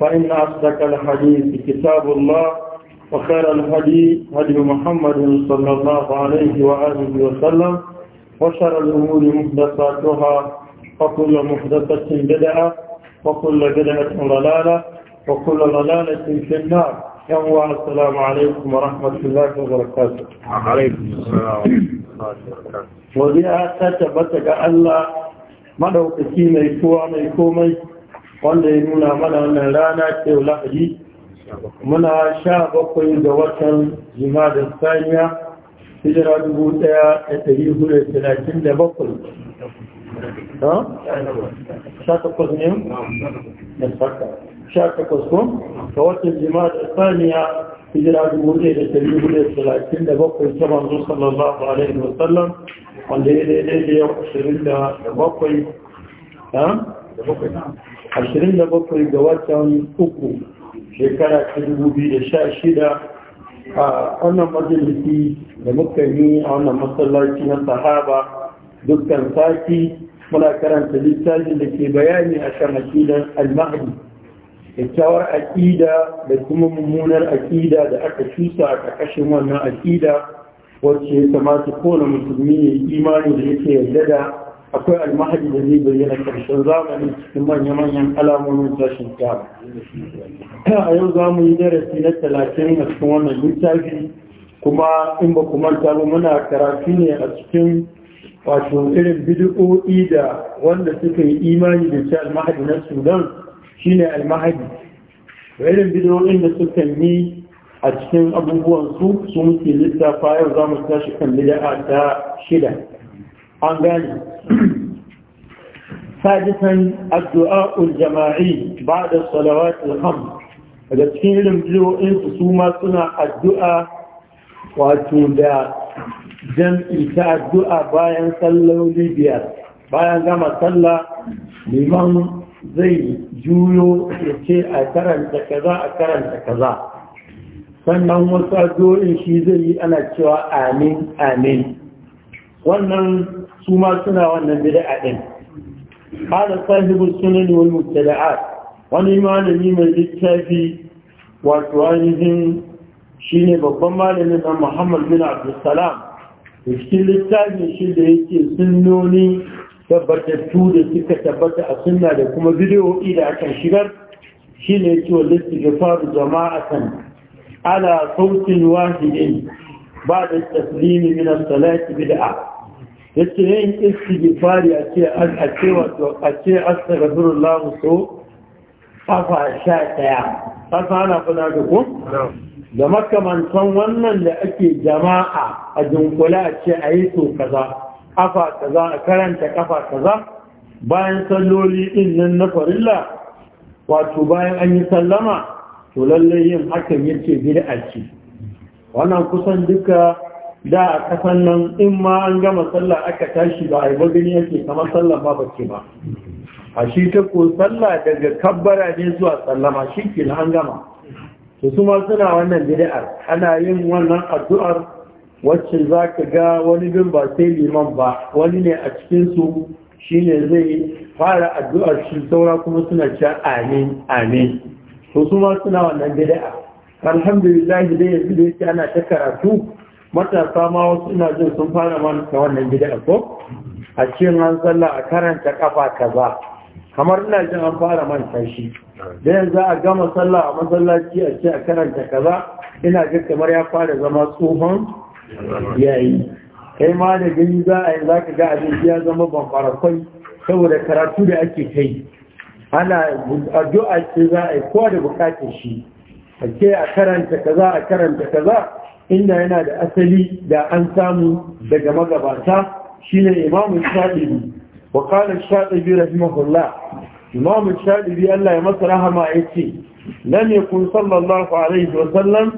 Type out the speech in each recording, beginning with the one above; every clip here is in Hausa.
فإن أصدق الحديث كتاب الله وخير الحديث هدي محمد صلى الله عليه وآله وسلم وشر الأمور محدثاتها وكل محدثة بدعة وكل بدعة ضلالة وكل ضلالة في النار يوم السلام عليكم ورحمة الله وبركاته عليكم السلام ورحمة الله وبركاته وبيئة تتبتك ألا مدوكتي ميكوى ميكومي wanda ya nuna mana wannan rana ce lahadi muna sha bakwai ga watan saniya hijira dubu daya da dari hudu talatin da bakwai sha takwas ne? da saka sha takwas ko? ga watan jimadar saniya hijira dubu daya da dari hudu talatin da bakwai ta manzo sallallahu alaihi wanda ya daidai da yau ashirin da bakwai da bakwai ashirin da bakwai ga watan uku shekara ta dubu biyu da sha shida a wannan majalisi da muka yi a wannan masallaci na sahaba dukkan sati muna karanta littafin da ke bayani a kan aƙidar almahdi kyakkyawar aƙida da kuma mummunar aƙida da aka cusa a ƙarƙashin wannan aƙida wacce ya kamata kowane musulmi yi imani da yake yarda da akwai almahadi da zai bayyana ƙarshen zamani cikin manya-manyan alamomin tashin kyawa a yau za mu yi darasi na talatin a cikin wannan littafi kuma in ba ku manta ba muna karatu ne a cikin wato irin bidi'o'i da wanda suka yi imani da ce almahadi na sudan shine almahadi da irin bidi'o'in da suka yi a cikin abubuwan su su muke lissafa yau za mu tashi kan bida'a ta shida an gane sadisan addu'a'ul jama'i ba da salawatul ham daga cikin irin biyoyinsu su ma suna addu'a wato da jam'i ta addu'a bayan sallar biyar bayan gama sallar liman zai juyo ya ce a karanta kaza a karanta kaza sannan wasu addu'o'in shi zai yi ana cewa amin amin wannan su ma suna wannan bid'a din qala sahibul sunan wal mubtada'at wani malami mai littafi wato ainihin shine babban malamin dan Muhammad bin Abdul Salam cikin littafin shi da yake sunnoni tabbatattu da suka tabbata a sunna da kuma bidiyo da akan shigar shi ne cewa littattafaru jama'atan ala sautin wahidin ba da taslimi min salati bid'a yake yin istighfari a ce a ce asa a ce so kafa sha ɗaya, kafa ana kula da ku da makamantan wannan da ake jama'a a jinkula a ce a yi so kaza kafa kaza a karanta kafa kaza bayan salloli din nan na farilla wato bayan an yi sallama to lallai yin hakan yace bid'a ce wannan kusan duka da a kasan nan in ma an gama sallah aka tashi ba a yi gani yake kama sallah ba bace ba a shi ta ko sallah daga kabbara ne zuwa sallama shi ke an gama su suma suna wannan bid'ar ana yin wannan addu'ar wacce za ka ga wani bin ba sai liman ba wani ne a cikinsu shi ne zai fara addu'ar shi saura kuma suna cewa amin amin su suma suna wannan bid'a alhamdulillah dai yanzu da yake ana ta karatu matasa ma wasu ina jin sun fara ta wannan gida ko a cikin an sallah a karanta kafa kaza kamar ina jin an fara manta shi da yanzu a gama sallah a masallaci a ce a karanta kaza ina jin kamar ya fara zama tsohon yayi kai ma da gani za a yi za ka ga abin ya zama bambarakwai saboda karatu da ake kai ana addu'a ce za a yi kowa da bukatar shi a ce a karanta kaza a karanta kaza inda yana da asali da an samu daga magabata shine imamu shaɗiri wa kala shaɗiri rahimahullah imamu shaɗiri Allah ya masa rahama ya ce lam yakun sallallahu alaihi wa sallam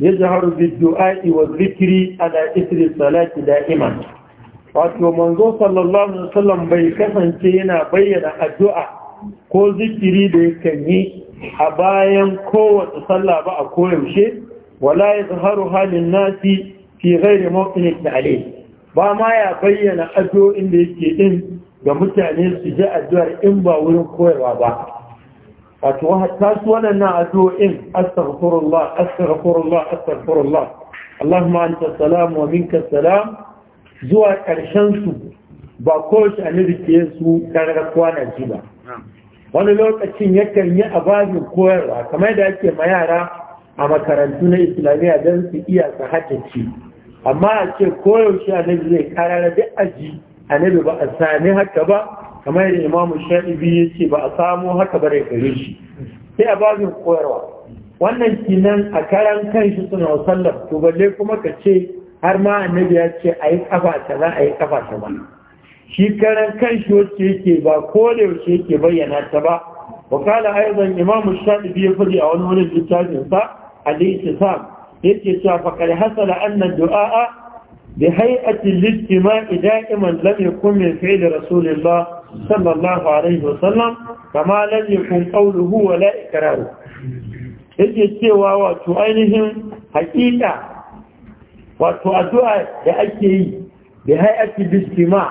yajharu bid-du'a'i wa dhikri ala ithri salati iman. wato manzo sallallahu alaihi wa sallam bai kasance yana bayyana addu'a ko zikiri da yakan yi a bayan kowace sallah ba a koyaushe wala yadhharu halin nasi fi ghairi mawqin ta'lim ba ma ya bayyana addu'o'in da yake din ga mutane su ji addu'ar in ba wurin koyarwa ba wato hatta su waɗannan addu'o'in astaghfirullah astaghfirullah astaghfirullah Allahumma anta salam wa minka salam zuwa ƙarshen su ba kowace annabi ke su karar kwana ji ba wani lokacin yakan yi ababin koyarwa kamar da ake ma yara a makarantu na islamiyya don su iya su ci. amma a ce koyaushe annabi zai karara duk aji annabi ba a sami haka ba kamar yadda imamu sha'ibi ya ce ba a samu haka ba gare shi sai a babin koyarwa wannan kinan a karan kanshi suna wasallam to balle kuma ka ce har ma annabi ya ce a yi kafa ta za a yi kafa ta ba shi karan shi wacce yake ba ko yaushe yake bayyana ta ba wakala aizan imamu sha'ibi ya faɗi a wani wani littafinsa الاتفاق فقد حصل أن الدعاء بهيئة الاجتماع دائما لم يكن من فعل رسول الله صلى الله عليه وسلم فما لم يكن قوله ولا إكراره إذ يستيوا وتؤينهم حقيقة وتؤدعى لأكي بهيئة الاجتماع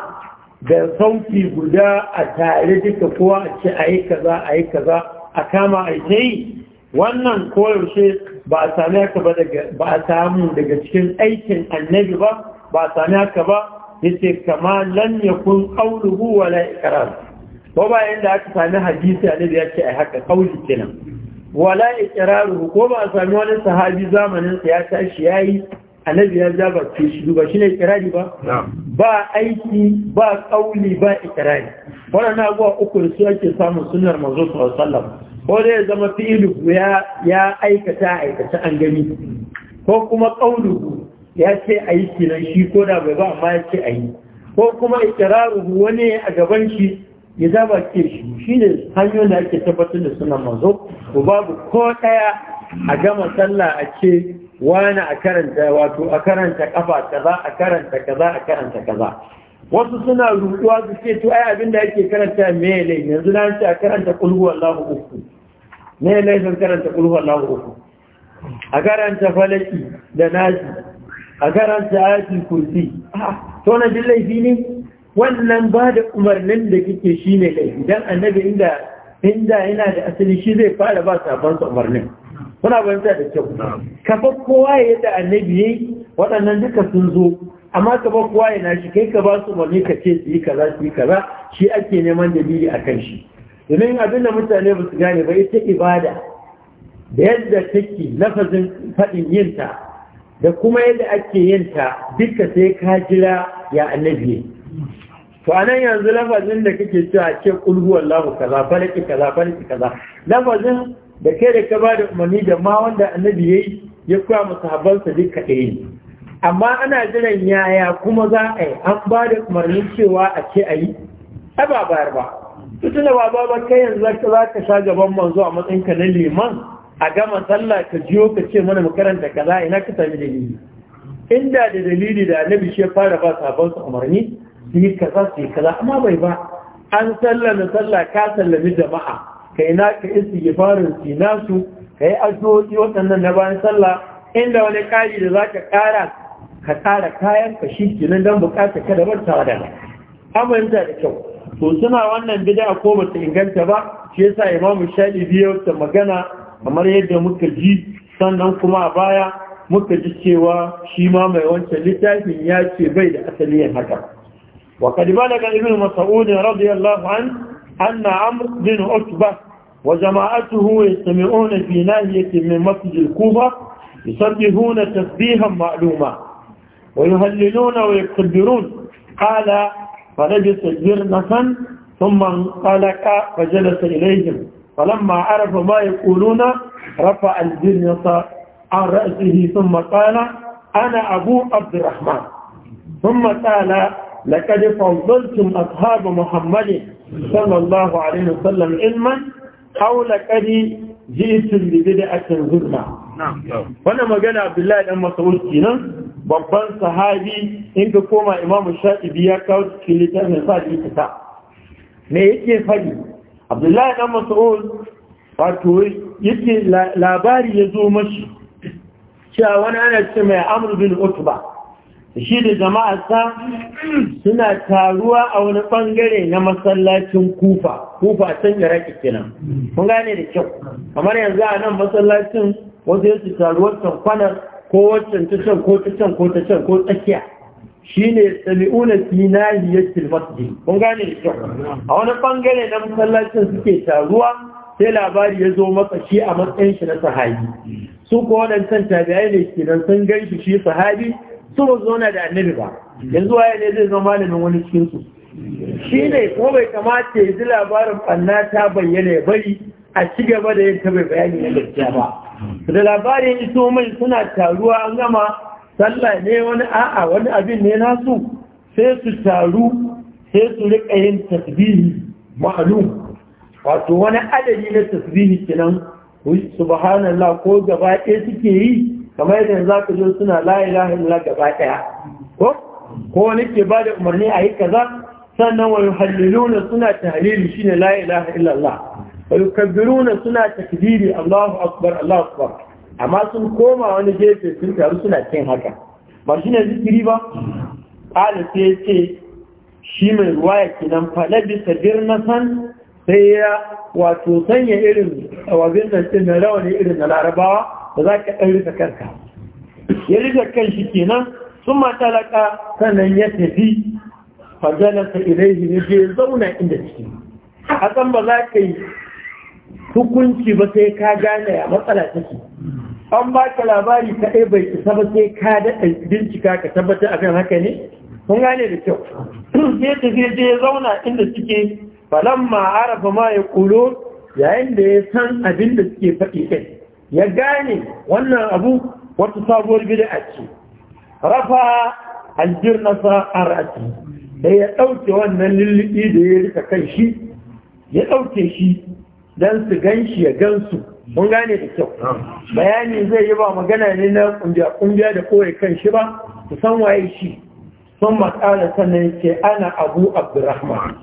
بصوت قداء التعريض كفوة أي كذا أي كذا أكام أي شيء وأنا نقول شيء ba a sami haka ba daga ba a samu daga cikin aikin annabi ba ba a sami haka ba yace kama lam yakun qawluhu wala ikrar ko ba yanda aka sami hadisi annabi ya ce ai haka kauli kenan wala ikraruhu ko ba a sami wani sahabi zamanin sa ya tashi yayi annabi ya ja bakin shi ba shi ne ba ba aiki ba kauli ba ikirari waɗannan abuwa uku da su ake samun sunnar mazo sallallahu ko ya zama fi'ilu ya aikata aikata an gani ko kuma ƙauluhu ya ce a yi kinan shi ko da bai ba amma ya ce a yi ko kuma ikiraruhu wani a gaban shi ya zaba ke shi shi ne hanyoyin da ake tabbatar da suna mazo ko babu ko ɗaya a gama sallah a ce wani a karanta wato a karanta kafa kaza a karanta kaza a karanta kaza wasu suna rutuwa su ce to ai abin da ake karanta me ne yanzu na ce karanta kulhu Allahu uku me ne sun karanta kulhu Allahu uku a karanta falaki da nasi a karanta ayatul kursi to na jin laifi ne wannan ba da umarnin da kike shine laifi dan annabi inda inda yana da asali shi zai fara ba sabon umarnin kuna bayanta da kyau kafa kowa yadda annabi yayi waɗannan duka sun zo amma ka ba kowa yana shi kai ka ba su umarni ka ce su yi kaza su yi kaza shi ake neman dalili a kan shi domin abin da mutane ba su gane ba ita ibada da yadda take lafazin faɗin yinta da kuma yadda ake yinta duka sai ka jira ya annabi to anan yanzu lafazin da kake a ce kulhu wallahu kaza falaki kaza falaki kaza lafazin da kai da ka ba da umarni da ma wanda annabi yayi ya koya musahabansa duka ɗaya ne amma ana jiran yaya kuma za a yi an ba da umarni cewa a ce a yi a ba bayar ba tutuna ba ba ba kai yanzu za ka sha gaban manzo a matsayinka na liman a gama sallah ka jiyo ka ce mana makaranta ka yi ina ka sami dalili inda da dalili da annabi shi fara ba sabon su umarni su yi kaza su yi kaza amma bai ba an sallama sallah ka sallami jama'a kai na ka isi gifarin sinasu ka yi addu'o'i waɗannan na bayan sallah inda wani ƙari da za ka ƙara ka tsara kayan ka shi kenan don bukata ka da mantawa da amanta da kyau to suna wannan bid'a ko ba inganta ba shi yasa imamu shaɗi biyu ta magana kamar yadda muka ji sannan kuma a baya muka ji cewa shi ma mai wancan littafin ya ce bai da asali yin haka wa kad balaga ibnu mas'ud radiyallahu an anna amr bin utba wa jama'atuhu yastami'una fi nahiyati min masjid al-kuba yusabbihuna tasbihan ma'luma ويهللون ويكبرون قال فلبس جرنفا ثم انطلق فجلس إليهم فلما عرف ما يقولون رفع الجرنف عن رأسه ثم قال أنا أبو عبد الرحمن ثم قال لقد فضلتم أصحاب محمد صلى الله عليه وسلم علما أو لقد جئتم ببدعة ظلمة wannan magana abdullahi dan masaud kenan babban sahabi in ka koma imamu shafi'i ya kawo cikin littafin sa ji ta me yake fadi abdullahi dan masaud wato yake labari ya zo mashi cewa wani ana ce mai amru bin utba shi da sa suna taruwa a wani bangare na masallacin kufa kufa can iraki kenan kun gane da kyau kamar yanzu a nan masallacin wanda ya su wancan kwanar ko wancan ta can ko ta can ko ta can ko tsakiya ne tabi'una fi ya masjid kun gane shi a wani bangare na masallacin suke taruwa sai labari ya zo masa shi a matsayin shi na sahabi su ko wadancan tabiyai ne nan sun gan shi sahabi su ba zo da annabi ba yanzu waye ne zai zama malamin wani cikin su shi ne ko bai kamata ya ji labarin ɓanna ta bayyana ya bari a ci gaba da yin ta bai bayani na gaskiya ba da labarin iso mai suna taruwa an gama sallah ne wani a'a wani abin ne nasu sai su taru sai su riƙa yin tasbihi ma'alum wato wani adadi na tasbihi kenan subhanallah ko gaba ɗaya suke yi kamar yadda za ka zo suna la ilaha illa gaba ɗaya ko ko wani ke ba da umarni a yi kaza sannan wani halliluna suna tahlili shine la ilaha illallah wa yukabbiruna suna takbiri Allahu akbar Allahu akbar amma sun koma wani gefe sun taru suna cin haka ba shine zikiri ba qala sai ce shi mai ruwaya kinan fa labisa dirnatan sai ya wato sanya irin wazin nan din na rawani irin na larabawa Ba za ka ɗan rufe kanka ya rufe kan shi kenan sun mata laƙa sannan ya tafi fajalasa ilaihi ne je zauna inda ciki a san ba za ka yi hukunci ba sai ka gane a matsala take an ba ka labari kaɗai bai isa ba sai ka daɗa bincika ka tabbatar akan haka ne kun gane da kyau sai ta je ya zauna inda suke falamma arafa ma ya kulo yayin da ya san abin da suke faɗi kai ya gane wannan abu wata sabuwar a ce rafa a arati da ya ɗauke wannan lulluɗi da ya rika kan shi ya ɗauke shi don su gan shi ya gan su mun gane da kyau bayani zai yi ba magana ne na kungiya da kowai kan shi ba su san waye shi sun makala sannan ce ana abu abdurrahman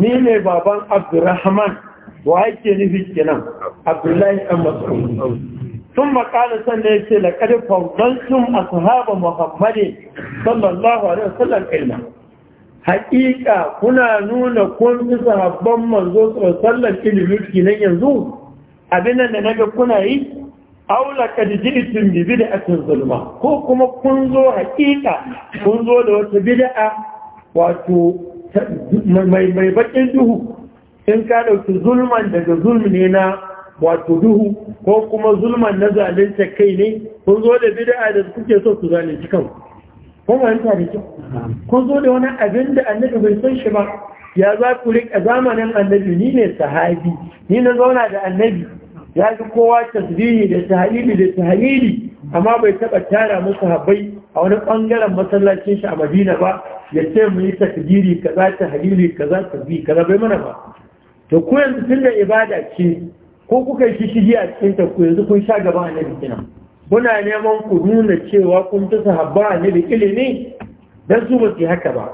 ni ne baban abdurrahman wa ake nufi nan? abdullahi an mas'ud sun makala sannan ce laƙarfan don sun ashaba muhammadin sallallahu alaihi wasallam ilma haƙiƙa kuna nuna kun fi sahabban manzo sallan ilimin nan yanzu abin nan da naga kuna yi aula kad bi bid'atin zulma ko kuma kun zo haƙiƙa kun zo da wata bid'a wato mai mai bakin duhu in ka dauki zulman daga zulmi ne na wato duhu ko kuma zulman na zalunta kai ne kun zo da bida'a da kuke so ku zalunci kanku ko fahimta da kyau kun zo da wani abin da annabi bai san shi ba ya za ku rika zamanin annabi ni ne sahabi ni na zauna da annabi ya ji kowa tasbihi da tahalili da tahalili amma bai taba tara musu habai a wani bangaren masallacin shi a Madina ba ya ce mu yi takbiri kaza za kaza tasbihi kaza bai mana ba to ku yanzu tun da ibada ce ko kuka yi shi a cikin ta ku yanzu kun sha gaba annabi kina muna neman ku nuna cewa kun fi sahabba da ilimi dan su ba haka ba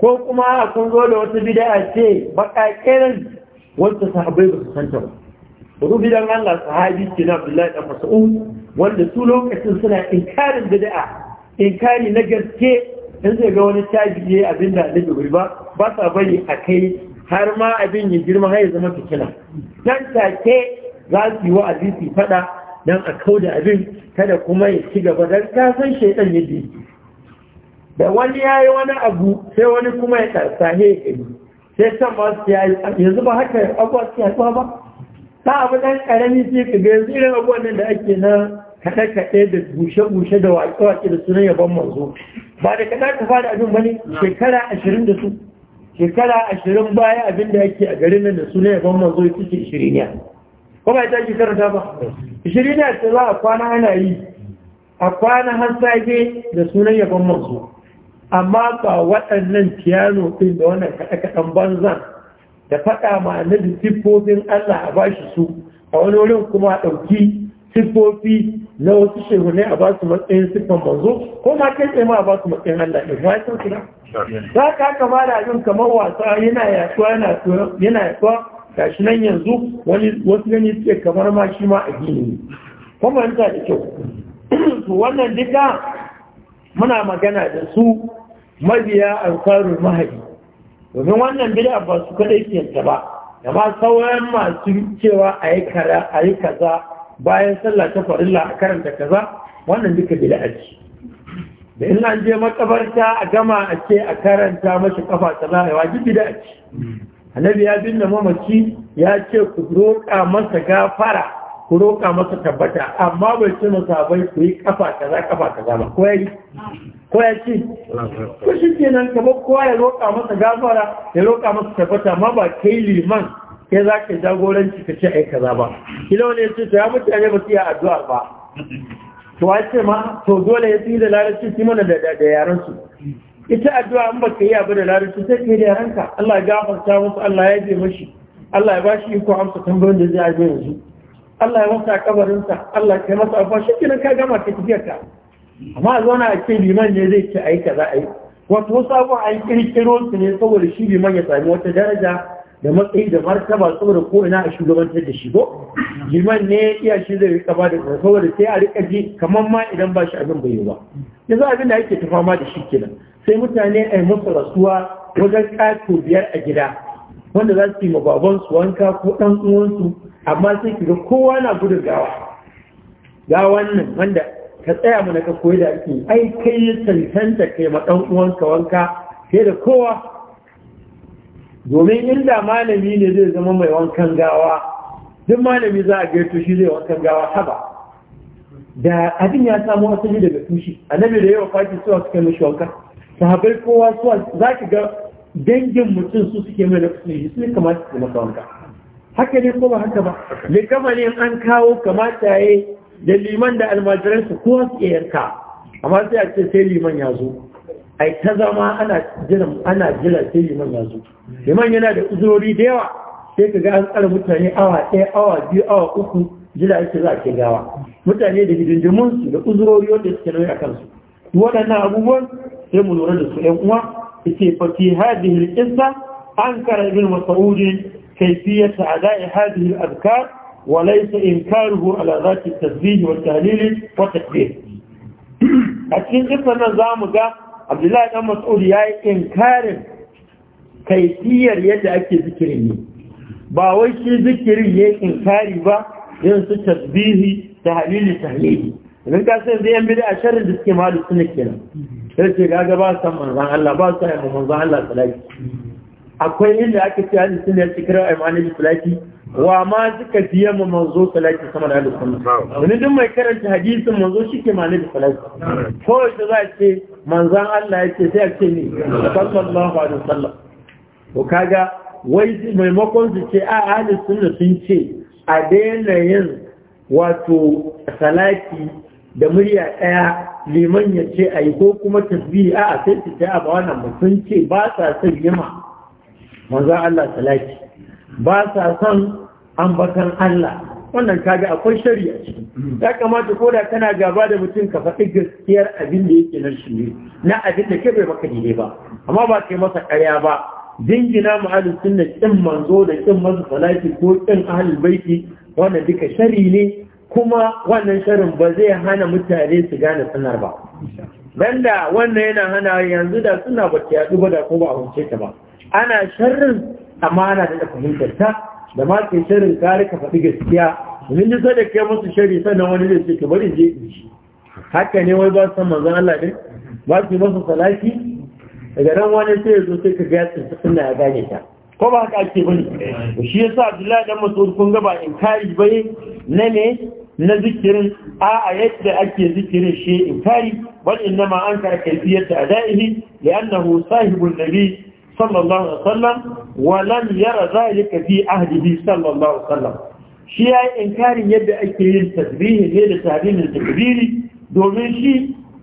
ko kuma kun zo da wata bid'a ce bakakirin wanda sahabbai ba su santa ba Bari bidan Allah sahabi ce na Abdullahi dan Mas'ud wanda su lokacin suna inkarin bid'a inkari na gaske in zai ga wani tabiye abinda annabi bai ba ba sa bari a kai har ma abin ya girma har ya zama fitina dan take za su yi wa hadisi fada don a kau da abin kada kuma ya ci gaba don kasan shaidan ya yake da wani ya yi wani abu sai wani kuma ya sahe ya kai sai san ba su ya yanzu ba haka abuwa su ya ba ta abu ɗan ƙarami sai ka ga yanzu irin abuwan nan da ake na kaɗe-kaɗe da bushe-bushe da waƙe-waƙe da sunan yaban manzo ba da kaɗa ka fara abin ba ne shekara ashirin da su shekara ashirin baya abin da ake a garin nan da sunan yaban manzo ya suke shiriniya ko ba ta karanta ba shiri da ta za a kwana ana yi a kwana har safe da sunan yabon masu amma ba waɗannan piano ɗin da wannan kaɗe-kaɗen banzan da faɗa ma na da siffofin Allah a bashi su a wani wurin kuma a ɗauki siffofi na wasu shehunai a ba su matsayin siffan manzo ko ma kai tsaye ma a ba su matsayin Allah ɗin ba ya san su na za ka kama da abin kamar wasa yana yaduwa yana yaduwa gashi nan yanzu wani wasu gani suke kamar ma shi ma addini ne kuma yanzu da kyau to wannan duka muna magana da su mabiya ansarul mahadi domin wannan bid'a ba su kadai ke ba da ma sauran masu cewa a yi kaza a kaza bayan sallah ta farilla a karanta kaza wannan duka bid'a ce da in an je makabarta a gama a ce a karanta mashi kafa ta ya duk bid'a ce annabi ya binne mamaki ya ce ku roƙa masa gafara ku roƙa masa tabbata amma bai ce masa bai ku yi kafa kaza kafa kaza ba ko yayi ko ya ce ko shi ke nan ka kowa ya roƙa masa gafara ya roƙa masa tabbata amma ba kai liman kai za ka jagoranci ka ce ai kaza ba kila wani ya ce to ya mutane ba su yi addu'a ba to a ce ma to dole ya tsira larabci shi mana da yaran su ita addu'a an baka yi abu da larabci sai ka yi da ranka Allah ya gafarta musu Allah ya je mashi Allah ya bashi iko amsa tambayoyin da zai aje yanzu Allah ya masa sa Allah ya masa afa shi kenan ka gama ka tafiya ka amma a zauna a ce liman ne zai ce za kaza yi wato wasu a an kirkiro su ne saboda shi biman ya sami wata daraja da matsayi da martaba saboda ko ina a shugabantar da shi ko liman ne iya shi zai rika ba da saboda sai a rika ji kamar ma idan ba shi abin bai yi ba yanzu abin da yake ta fama da shi kenan sai mutane a yi musu rasuwa wajen ƙato biyar a gida wanda za su yi ma babansu wanka ko ɗan uwansu amma sai ga kowa na gudun gawa ga wannan wanda ka tsaya mana ka koyi da ake ai kai yi tantanta kai ma ɗan uwanka wanka sai da kowa domin inda malami ne zai zama mai wankan gawa duk malami za a gaito shi zai wankan gawa haba da abin ya samu asali daga tushe annabi da yawa Fati suwa suka mishi wanka Sahabar kowa suwa za ki ga dangin mutum su suke mai da kusurci su ne kamata su maka wanka haka ne ko ba haka ba mai gama ne an kawo kamata ya yi da liman da su, kowa su iya yanka amma sai a ce sai liman ya zo ai ta zama ana jiran ana jira sai liman ya zo liman yana da uzurori da yawa sai ka ga an tsara mutane awa ɗaya awa biyu awa uku jira ake za a ke gawa mutane da hidindimun su da uzurori wanda suke nauyi a kansu waɗannan abubuwan sai mu lura da su ɗan uwa ita fa fi hadhihi al-qissa ankara ibn mas'ud kayfiyat ada'i hadhihi al-adhkar wa laysa inkaruhu ala dhati at wa at-tahlil wa takbir a cikin kissan nan za mu ga Abdullahi dan Mas'ud yayi inkarin kaifiyar yadda ake zikirin ne ba wai shi zikirin ya inkari ba yin su tasbihi tahlili tahlili idan ka san zai yan bid'a sharri da suke malu suna kenan sai ce gaga ba san manzan Allah ba su yi manzan Allah salati akwai inda aka ce hadis sun yace kira imani salati wa ma suka biya mu manzo salati sama da hadis wani duk mai karanta hadisin manzo ke mani da salati ko da za ce manzan Allah yake sai a ce ni sallallahu alaihi wasallam ko kaga wai maimakon su ce a ahli sunna sun ce a daina yin wato salati da murya ɗaya liman ya ce a yi ko kuma tasbihi a sai su ta ba wannan ba sun ce ba sa son yima manzo Allah salati ba sa son ambatan Allah wannan kaga akwai shari'a ciki ya kamata ko da kana gaba da mutum ka faɗi gaskiyar abin da yake nan shi na abin da ke bai maka ba amma ba kai masa ƙarya ba dingina mu ahlus sunna kin manzo da kin masu salati ko kin ahlul baiti wannan duka shari ne kuma wannan shirin ba zai hana mutane su gane sunar ba da wannan yana hana yanzu da suna ba ta yadu ba da ko ba hunce ta ba ana shirin amma ana da fahimtar ta da ma ke shirin kare ka faɗi gaskiya domin ji da ke musu shirin sannan wani zai ce ki bari je in ji haka ne wai ba su san manzon Allah ne ba su yi masa salati daga nan wani sai ya zo sai ka ga ya suna ya gane ta ko ba haka ake bane shi yasa Abdullahi dan Mas'ud kun ga ba in kari bane na ne na zikirin a yadda ake zikirin shi in kari bal ma an ka kayfiyat adaihi li'annahu sahibul nabi sallallahu alaihi wasallam wa lam yara zalika fi ahdihi sallallahu alaihi wasallam shi ya inkarin yadda ake yin tasbihi ne da tahrimin takbiri domin shi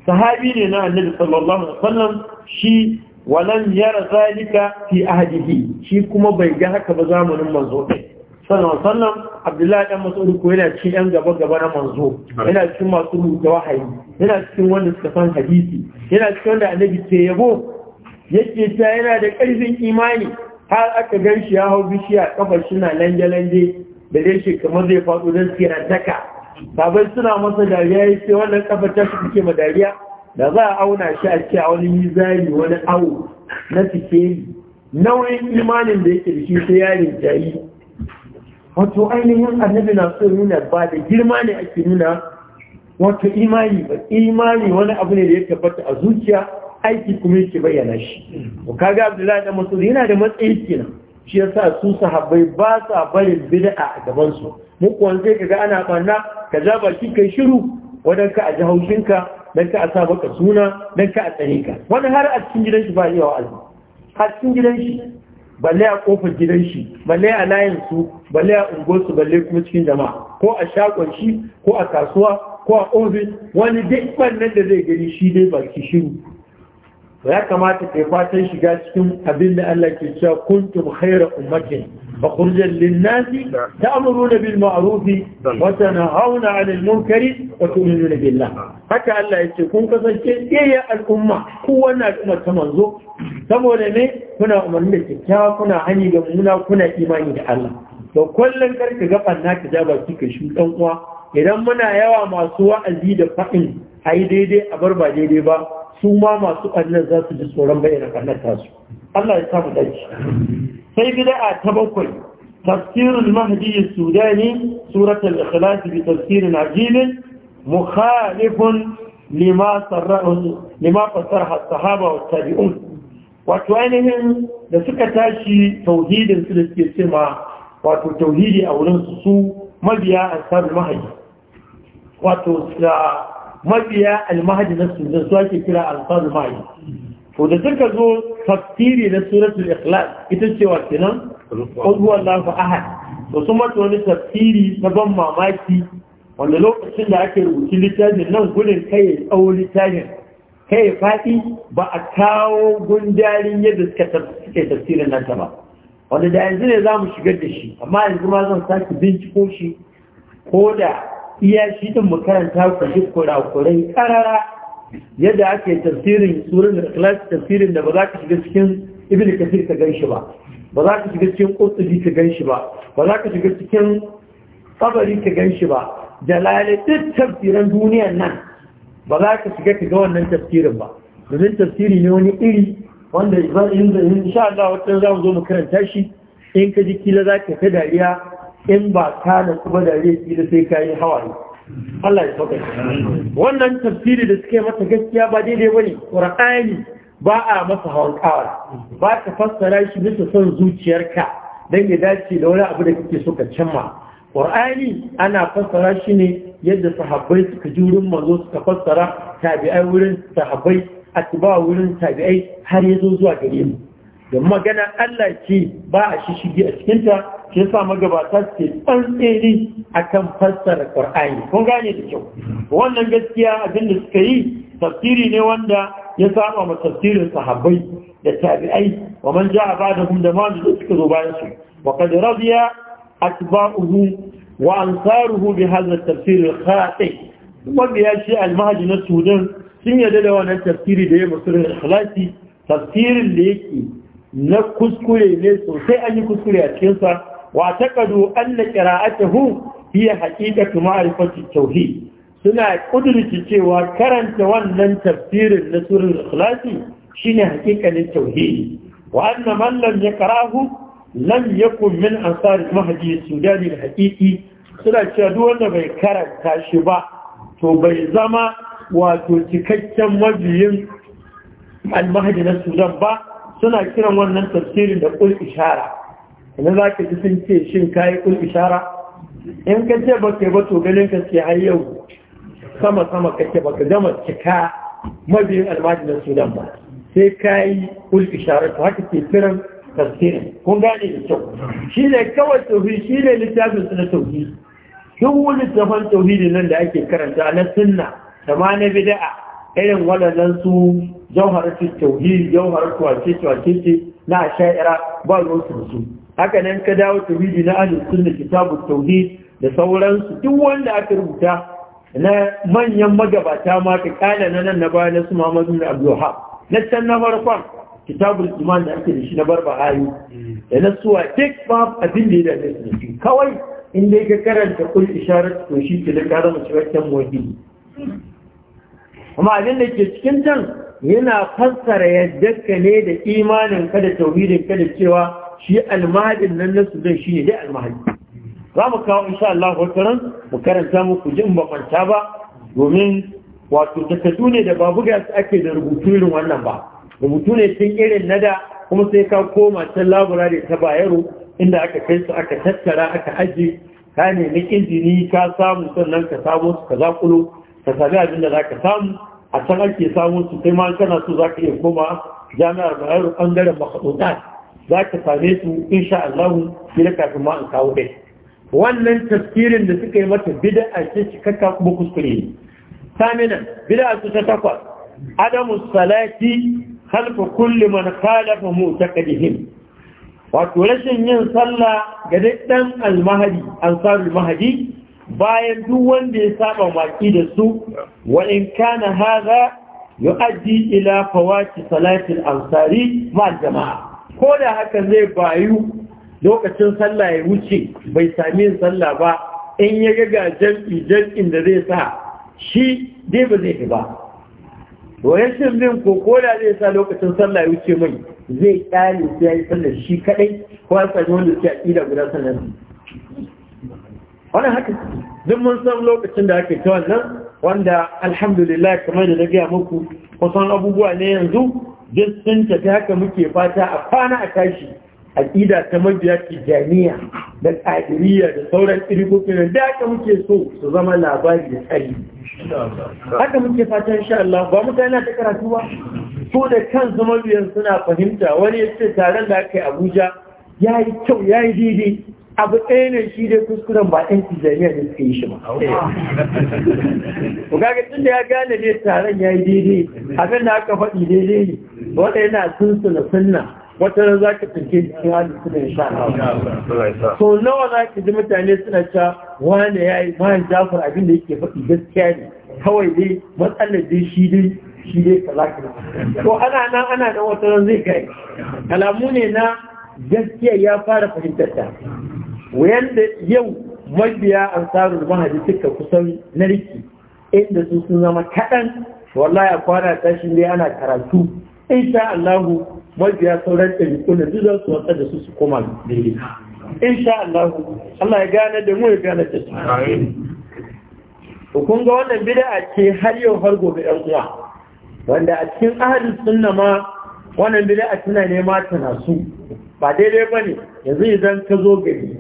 sahabi ne na annabi sallallahu alaihi wasallam shi walan yara zalika fi ahadihi shi kuma bai ga haka ba zamanin manzo ɗin sannan sannan abdullahi dan mas'ud ko yana cikin yan gaba gaba na manzo yana cikin masu rubuta wahayi yana cikin wanda suka san hadisi yana cikin wanda annabi ce yabo yake ta yana da ƙarfin imani har aka gan shi ya hau bishiya kafar shi na lange-lange da dai shi kamar zai faɗo don daka sabai suna masa dariya ya ce wannan kafar ta shi ma dariya da za a auna shi a cikin wani mizani wani awo na sikeli nauyin imanin da yake da shi sai yarin jayi wato ainihin annabi na so nuna ba da girma ne ake nuna wato imani ba imani wani abu ne da ya tabbata a zuciya aiki kuma yake bayyana shi ka kaga abdullahi da masudi yana da matsayi kenan shi yasa su sahabbai ba sa barin bid'a a gaban su mu kuwan sai kaga ana banna ka ja baki kai shiru wadan ka a ji haushinka dan ka a sa ka suna dan ka a tsare ka wani har a cikin gidan shi ba iya wa'azi har cikin gidan shi balle a kofar gidan shi balle a layin su balle a ungo su balle kuma cikin jama'a ko a shagon shi ko a kasuwa ko a ofis wani duk bannan da zai gani shi dai ba ki shiru ya kamata kai fatan shiga cikin abin da Allah ke cewa kuntum khayra ummatin فخرجا للناس تأمرون بالمعروف وتنهون عن المنكر وتؤمنون بالله haka Allah ya ce kun kasance ɗaya al'umma ku wannan al'ummar ta manzo saboda ne kuna umarni da kyakkyawa kuna hani ga muna kuna imani da Allah to kullun karka ga banna ka ja baki ka shi dan uwa idan muna yawa masu wa'azi da fa'in ai daidai a bar ba daidai ba su ma masu ɓannan za su ji tsoron bayyana ɓannan tasu Allah ya samu dace sai bida'a ta bakwai tafsirin mahajiyar sudani suratul ikhlasi bi tafsirin ajilin mukhalifun lima sarra'un lima fasar sahaba wa tabi'un da suka tashi tauhidin da suke cewa wato tauhidi a wurin su mabiya asar mahaji wato da mabiya almahadi na su ake kira asar mahaji ko da suka zo tafsiri na suratul ikhlas ita ce wa kenan qul huwallahu ahad to sun mata wani tafsiri na ban mamaki wanda lokacin da ake rubutu littafin nan gudun kai tsawo littafin kai fadi ba a kawo gundarin yadda suka suke tafsirin nan ta ba wanda da yanzu ne zamu mu shigar da shi amma yanzu ma zan saki binciko shi ko da iya shi din mu karanta ku dukkan kurakurai karara yadda ake tafsirin surar al-ikhlas tafsirin da ba za ka shiga cikin ibn kasir ka ganshi ba ba za ka shiga cikin qurtubi ka ganshi ba ba za ka shiga cikin tabari ka ganshi ba jalali duk tafsiran nan ba za ka shiga ka ga wannan tafsirin ba domin tafsiri ne wani iri wanda insha Allah wata za mu zo mu karanta shi in ka ji kila za ka ta dariya in ba ka na kuma dariya kila sai ka yi hawaye Allah ya sauka wannan tafsiri da suke mata gaskiya ba daidai bane qur'ani ba a masa hawan kawar ba ta fassara shi bisa son zuciyarka dan ya dace da wani abu da kake so ka cimma qur'ani ana fassara shi ne yadda sahabbai suka jurin manzo suka fassara tabi'ai wurin sahabbai atba wurin tabi'ai har ya zo zuwa gare mu da magana Allah ce ba a shishigi a cikinta shi sa magabata suke tsantseni akan fassara Qur'ani kun gane da kyau wannan gaskiya abin da suka yi tafsiri ne wanda ya saba ma tafsirin sahabbai da tabi'ai wa man bada ba'dahum da ma da suka zo bayan su wa qad radiya atba'uhu wa ansaruhu bi hadha at-tafsir wanda ya ce al na Sudan sun yarda da wannan tafsiri da ya musulun ikhlasi tafsirin da yake na kuskure ne sosai an yi kuskure a cikinsa wa taqadu anna qira'atuhu hiya haqiqatu ma'rifati tauhi. suna ƙudurci cewa karanta wannan tafsirin na surar ikhlasi shine haqiqanin tauhid wa anna man lam yakrahu lam ya min ansar mahdi sudani al haƙiƙi? suna cewa duk wanda bai karanta shi ba to bai zama wato cikakken mabiyin al na sudan ba suna kiran wannan tafsirin da kul ishara ina za ka ji sun ce shin kayi kul ishara in ka ce ba yi ba to ganin ka ce har yau sama sama kake ba ka gama cika mabiyin na sudan ba sai kayi kul ishara to haka ke kiran tafsirin kun gane da kyau shi ne kawai tauhid shi ne littafin su na tauhid duk wani littafin tauhidin nan da ake karanta na sunna da ma na bida'a irin waɗannan su jauhar tauhid jauharatu wace ce na sha'ira ba ruwan su su haka nan ka dawo ta tauhidi na ahli sunna kitabut tauhid da sauransu duk wanda aka rubuta na manyan magabata ma ka kana na nan na baya na su Muhammad ibn Abdul na can na farkon kitabul iman da ake da shi na barbahari da na suwa duk ba abin da ya da shi kawai in dai ka karanta kul isharat to shi ke da karama cikakken muwahidi amma abin da ke cikin can yana fassara yadda ne da imanin ka da tauhidin ka da cewa shi almahadin nan nasu zai shi ne dai almahadi za mu kawo insha Allah wataran mu karanta muku jin ba ba domin wato takardu ne da babu gas ake da rubutu irin wannan ba rubutu ne tun irin nada kuma sai ka koma can laburare ta bayero inda aka kai su aka tattara aka aje ka nemi injini ka samu sannan ka samu ka zakulo ka sami abin da za ka samu a can ake samun su kai ma kana so za ka iya koma jami'ar bayero bangaren makaɗoɗa za ka same su insha Allah gida kafin ma in kawo kai wannan tafsirin da suka yi mata bid'a ce cikakka kuma kuskure ne saminan bid'a a ta takwas adamu salati khalfa kulli man khalafa mu'taqidihim wato rashin yin sallah ga dukkan almahadi ansarul mahadi bayan duk wanda ya saba maki da su wa in kana ya yu'addi ila fawati salati ansari ma jama'a ko da haka zai bayu lokacin sallah ya wuce bai sami sallah ba in ya ga jam'i jam'in da zai sa shi dai ba zai ba shin bin ko ko da zai sa lokacin sallah ya wuce mai zai kare sai ya yi sallar shi kaɗai ko ya sami wanda suke aqida guda sanan Wani haka duk mun san lokacin da ake ta wannan wanda alhamdulillah kamar da na gaya muku kusan abubuwa ne yanzu duk sun ta haka muke fata a kwana a tashi aƙida ta mabiya tijaniya da ƙadiriya da sauran irikokin da haka muke so su zama labari da tsari haka muke fata insha Allah ba mutane ta karatu ba so da kan biyan suna fahimta wani ya ce taron da aka yi Abuja ya yi kyau ya yi daidai abu ɗaya ne shi dai kuskuren ba ɗan tijjaniya da suka yi shi ba. Ku gaga tun da ya gane ne taron ya yi daidai abin da aka faɗi daidai ne wata yana sunsuna sunna wata za ka tunke cikin halin suna ya sha So nawa za ka ji mutane suna cewa wane ya yi bayan jafar abin da yake faɗi gaskiya ne kawai dai matsalar dai shi dai shi dai kaza To ana nan ana nan wata zai kai alamu ne na gaskiya ya fara fahimtar ta wanda yau mabiya da mahadi suka kusan narki inda su sun zama kaɗan wallahi a kwana tashi ne ana karatu insha Allah mabiya sauran ɗariƙun da duk su watsa da su su koma daidai insha Allah Allah ya gane da mu ya gane da su kun ga wannan bid'a ce har yau har gobe ɗan uwa wanda a cikin ahadin sunna ma wannan bid'a tana nema tana su ba daidai ba ne yanzu idan ka zo gari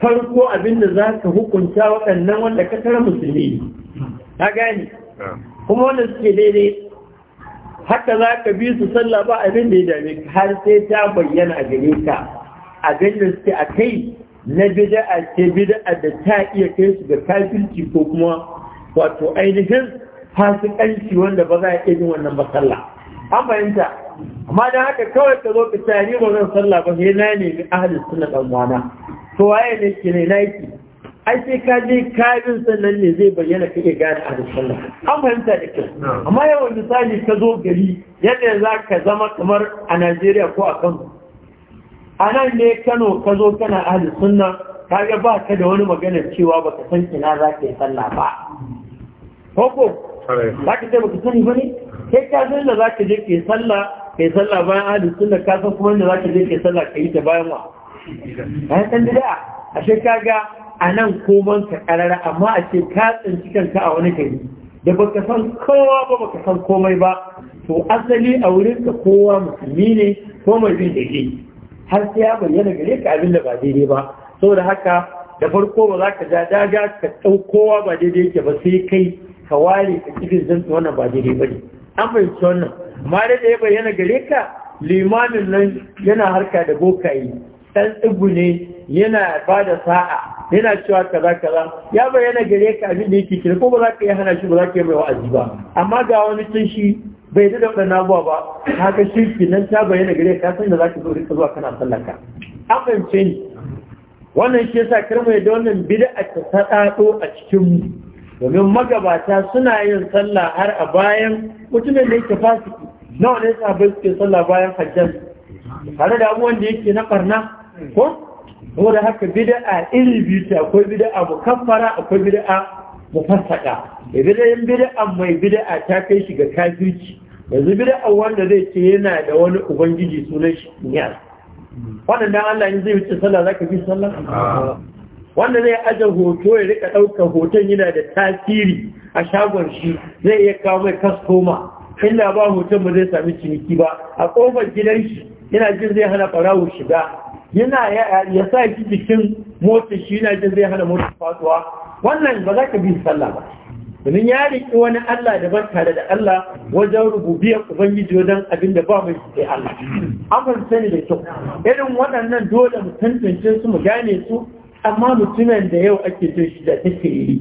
farko abinda za ka hukunta waɗannan wanda ka tara musulmi ta gani kuma wanda suke daidai haka za ka bi su sallah ba abinda da ya dame ka har sai ta bayyana a gare ka abin suke a kai na bid'a ce bid'a da ta iya kai su ga kafirci ko kuma wato ainihin fasikanci wanda ba za a iya yin wannan ba sallah an fahimta amma don haka kawai ka zo ka ta ni ba zan sallah ba sai na nemi ahalin suna ɗan wana to waye ne ke ne na yi ai sai ka je kabin sannan ne zai bayyana kake gane ahalin suna. an fahimta da kyau amma yawan misali ka zo gari yadda za ka zama kamar a najeriya ko a kano a nan ne kano ka zo kana ahalin sunna ga ba ka da wani magana cewa ba ka san kina za ka yi sallah ba ko ko za ka ce baka sani ba ne kai ka san da zaka je kai sallah kai sallah bayan ahli sunna ka san kuma da zaka je kai sallah kai ta bayan wa ai san a ashe kaga anan koman ka karara amma a ce ka tsinci kanka a wani kai da baka san kowa ba baka san komai ba to asali a wurin ka kowa musulmi ne ko mai bin dake har sai ya bayyana gare ka abin da ba daidai ba saboda haka da farko ba za ka ja daga ka ɗau kowa ba daidai yake ba sai kai ka ware ka kifin zan wannan ba daidai ba ne an fahimci wannan amma da ya bayyana gare ka limamin nan yana harka da bokaye ɗan tsibu ne yana ba da sa'a yana cewa kaza kaza ya bayyana gare ka abin da yake kira ko ba za ka yi hana shi ba za ka yi mai wa'azi ba amma ga wani tun shi bai da na buwa ba haka shirki nan ta bayyana gare ka san da za ka zo rika zuwa kana sallaka an ni wannan shi yasa kar mu da wannan bid'a ta tsado a cikin mu domin magabata suna yin sallah har a bayan mutumin da yake fasiki nawa ne bai suke sallah bayan hajjan tare da abubuwan da yake na karna ko ko da haka bid'a iri biyu ta akwai bid'a kafara akwai bid'a mufassaka idan bid'a mai bid'a ta kai shi ga kafirci yanzu bid'a wanda zai ce yana da wani ubangiji sunan shi ne wannan dan Allah ne zai wuce sallah zaka bi sallah wanda zai ajiye hoto ya rika ɗaukar hoton yana da tasiri a shagon shi zai iya kawo mai kaskoma inda ba hoton ba zai sami ciniki ba a ƙofar gidan shi yana jin zai hana ɓarawo shiga yana ya sa shi jikin motar shi yana jin zai hana motar fatuwa wannan ba za ka bi sallah ba domin ya riƙi wani Allah daban tare da Allah wajen rububiyar Ubangiji wajen abin da ba mai sai Allah. An sani da kyau, irin waɗannan dole mu tantance su mu gane su amma mutumin da yau ake cin shi da take yi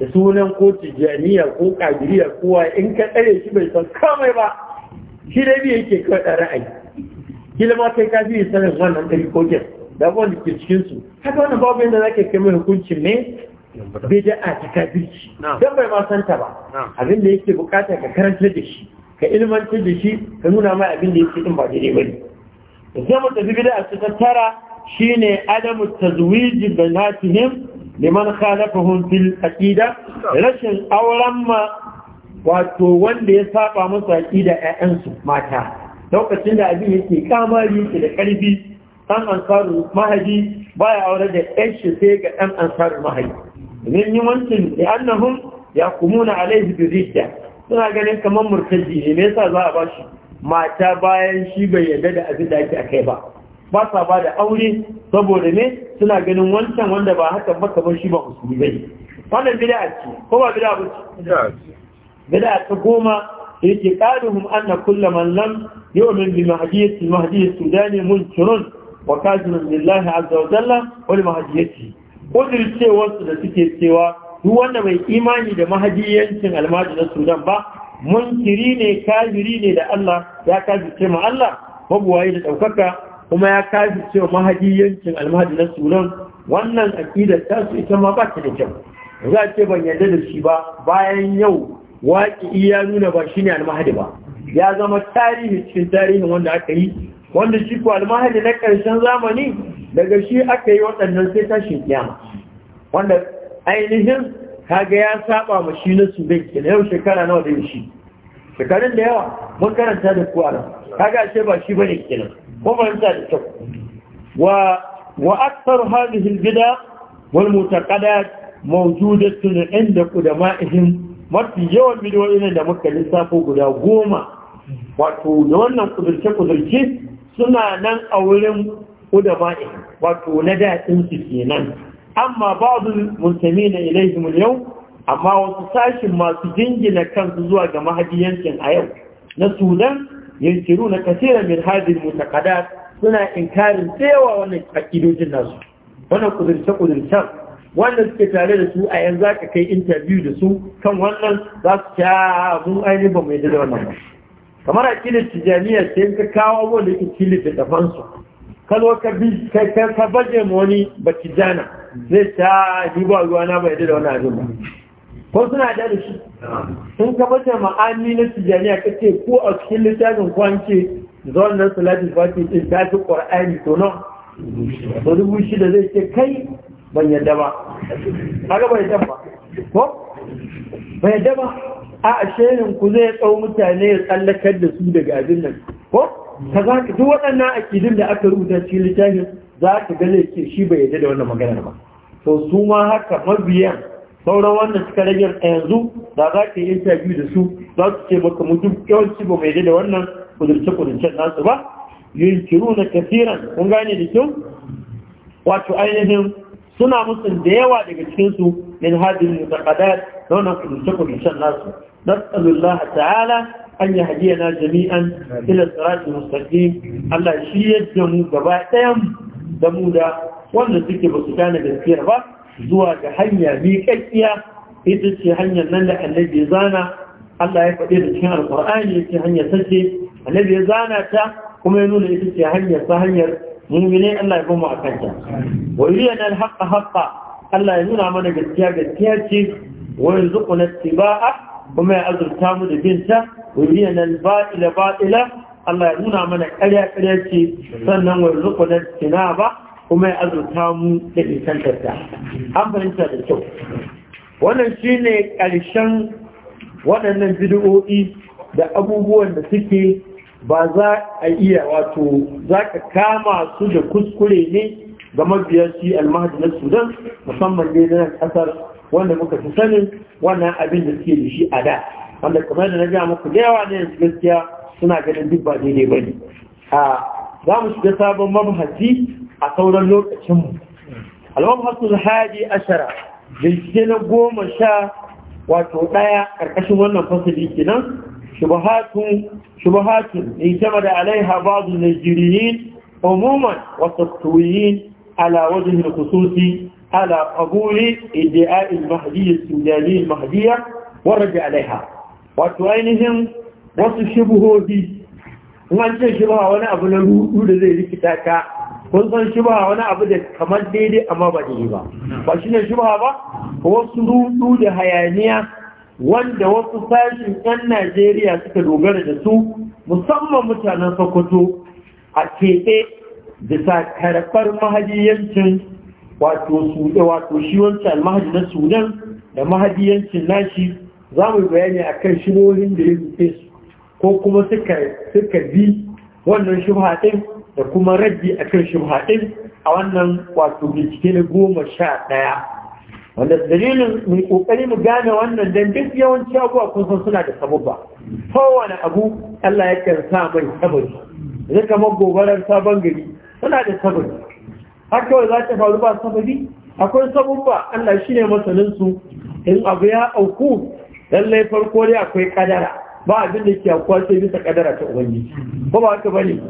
da sunan ko tijaniya ko kajiriya kowa in ka tsare shi bai san kamai ba shi dai biyu yake kawai da ra'ayi kila ma kai ka biyu sanin wannan ɗari ko da wanda ke cikinsu haka wannan babu yadda za ka kai mai hukuncin ne bida'a ta kafirci don bai ma santa ba abin da yake bukata ka karanta da shi ka ilmantar da shi ka nuna mai abin da yake din ba daidai ne zama da a cikin tara Shi ne adamu tazwiji banatihim liman khalafahum fil aqida rashin auren ma wato wanda ya saba masa aqida ƴaƴansu mata lokacin da abin yake kamari yake da karfi dan ansarul mahadi baya aure da ƴan shi sai ga dan ansarul mahadi domin yawancin da annahum yakumuna alaihi bi ridda suna ganin kamar murtaji ne me yasa za a bashi mata bayan shi bai yarda da abin da ake akai ba ba sa ba da aure saboda ne suna ganin wancan wanda ba hakan ba kamar shi ba musulmi bai wannan bid'a ce ko ba bid'a ba ce bid'a ta goma yake qaduhum anna kullu man lam yu'min bi mahdiyyati mahdiyyati sudani munkirun wa kafirun billahi azza wa jalla wa li mahdiyyati cewa su da suke cewa duk wanda bai imani da mahdiyancin almajin na sudan ba munkiri ne kafiri ne da Allah ya kafirce ma Allah babu waye da daukaka kuma ya kafi cewa yankin almahadi na sunan wannan aƙidar ta su ita ma ba ta da kyau za a ce ban yarda da shi ba bayan yau waƙi ya nuna ba shi ne almahadi ba ya zama tarihi cikin tarihin wanda aka yi wanda shi ko almahadi na ƙarshen zamani daga shi aka yi waɗannan sai tashin kiyama wanda ainihin kaga ya saba ma shi na su bai yau shekara nawa da shi shekarun da yawa mun karanta da kuwa kaga ce ba shi bane kenan mafahimta da kyau wa wa akthar hadhihi albida wal mutaqadat mawjudatun inda qudama'ihim mafi yawan bidiyoyin da muka lissafo guda goma wato da wannan kudurce kudurce suna nan a wurin qudama'ihim wato na daɗin su kenan amma ba'dul muntamina ilayhim al-yawm amma wasu sashin masu jingina kansu zuwa ga mahadi yankin a yau na sudan na kasira min hadhihi al-mutaqaddat suna inkarin tsewa wannan akidojin nasu wannan kudurce kudurcen wannan suke tare da su a yanzu aka kai interview da su kan wannan za su sha mun ainihin ba mai da wannan ba kamar a kilin tijaniya sai ka kawo abubuwan da ke kilin dafansu kalwa ka baje ma wani ba tijana zai ta yi ba ruwa na bai da wannan abin ba ko suna da da shi in ka bata ma'ani na tijaniya ka ce ko a cikin littafin kwanci zuwan na salatu fati din ta fi ƙwar'ani to nan to dubu da zai ce kai ban yadda ba kaga bai yadda ba ko bai yadda ba a ashirin ku zai tsawo mutane ya tsallakar da su daga abin nan ko ka za ka duk waɗannan akidin da aka rubuta cikin littafin za ka ga zai ce shi bai yadda da wannan maganar ba to su ma haka mabiyan sauran wanda suka rage a yanzu da za ka yi interview da su za su ce baka mu duk yawanci ba mai da wannan kudurce-kudurcen nasu ba yunkiru na kafiran kun gane da kyau wato ainihin suna musu da yawa daga cikinsu min hadin mutaqadat da wannan kudurce-kudurcen nasu nasalullah ta'ala an yi na jami'an ila sirati mustaqim Allah shi yadda mu gaba ɗayan da mu da wanda suke ba su gane gaskiyar ba zuwa ga hanya miƙaƙƙiya ita ce hanyar nan da annabi ya zana Allah ya faɗi da cikin alƙur'ani ya ce hanyar ta ce annabi ya zana ta kuma ya nuna ita ce hanyar ta hanyar mumine Allah ya kuma a kanta wa yuriyana alhaqqa haqqa Allah ya nuna mana gaskiya gaskiya ce wa yarzuquna ittiba'a kuma ya azurta mu da binta wa yuriyana ba'ila-ba'ila? Allah ya nuna mana ƙarya ƙarya ce sannan wa yarzuquna ba. kuma ya azurta mu da intantarta an fahimta da kyau wannan shi ne ƙarshen waɗannan bidiyo'i da abubuwan da suke ba za a iya wato za ka kama su da kuskure ne ga mabiyar shi almahadi na sudan musamman ne na ƙasar wanda muka fi sanin wannan abin da suke da shi a da wanda kamar da na gaya muku da yawa ne yanzu gaskiya suna ganin duk ba daidai ba ne za mu shiga sabon mabahasi أقول اللور كم الوام حصل الحاجي أشرا جلسين قوم شا وتوطايا كركشو من نفصل إيكنا شبهاتهم شبهاتهم انتمد عليها بعض النجيريين عموما والتطويين على وجه الخصوص على قبول ادعاء المهدي السوداني المهدية ورجع عليها وتعينهم وصف شبهه دي وانت شبهه وانا ابو لهو يقول لي لكتاكا kun san shubha wani abu da kamar daidai amma ba daidai ba ba shine shubha ba wasu rudu da hayaniya wanda wasu sashin yan Najeriya suka dogara da su musamman mutanen Sokoto a keɓe bisa karɓar mahajiyancin wato suɗe wato shi wancan almahaji na sudan da mahajiyancin nashi za mu bayani a kan shirohin da ya rufe su ko kuma suka bi wannan shubha ɗin da kuma raddi a kan shubha a wannan wato bincike na goma sha ɗaya wanda dalilin mai ƙoƙari mu gane wannan don duk yawanci abubuwa kun san suna da sababba kowane abu Allah ya kan sa mai sabari zai kama gobarar sabon gari suna da sabari har kawai za ta faru ba sabari akwai sababba Allah shi ne su in abu ya auku lallai farko dai akwai kadara ba abin da ke akwai sai bisa kadara ta ubangiji ba ba haka bane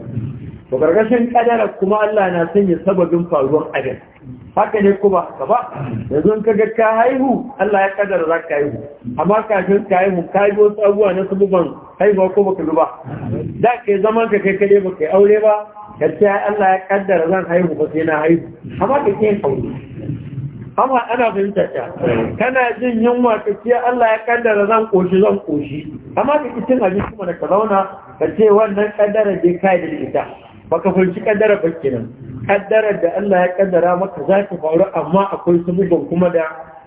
ba gargashin kadara kuma Allah na sanya sababin faruwar ajal haka ne kuma gaba yanzu ka ga ka haihu Allah ya kadara za ka haihu amma kafin ka haihu ka yi wasu abubuwa na sababan haihuwa ko baka ba da ke zaman ka kai kade baka aure ba kace Allah ya kadara zan haihu ba sai na haihu amma ka ke aure amma ana fahimta ta kana jin yunwa ka ce Allah ya kaddara zan koshi zan koshi amma ka cin abinci mana ka zauna ka ce wannan kaddara je kai da ita baka fahimci kaddara ba nan. kaddarar da Allah ya kaddara maka za ta faru amma akwai sabubban kuma da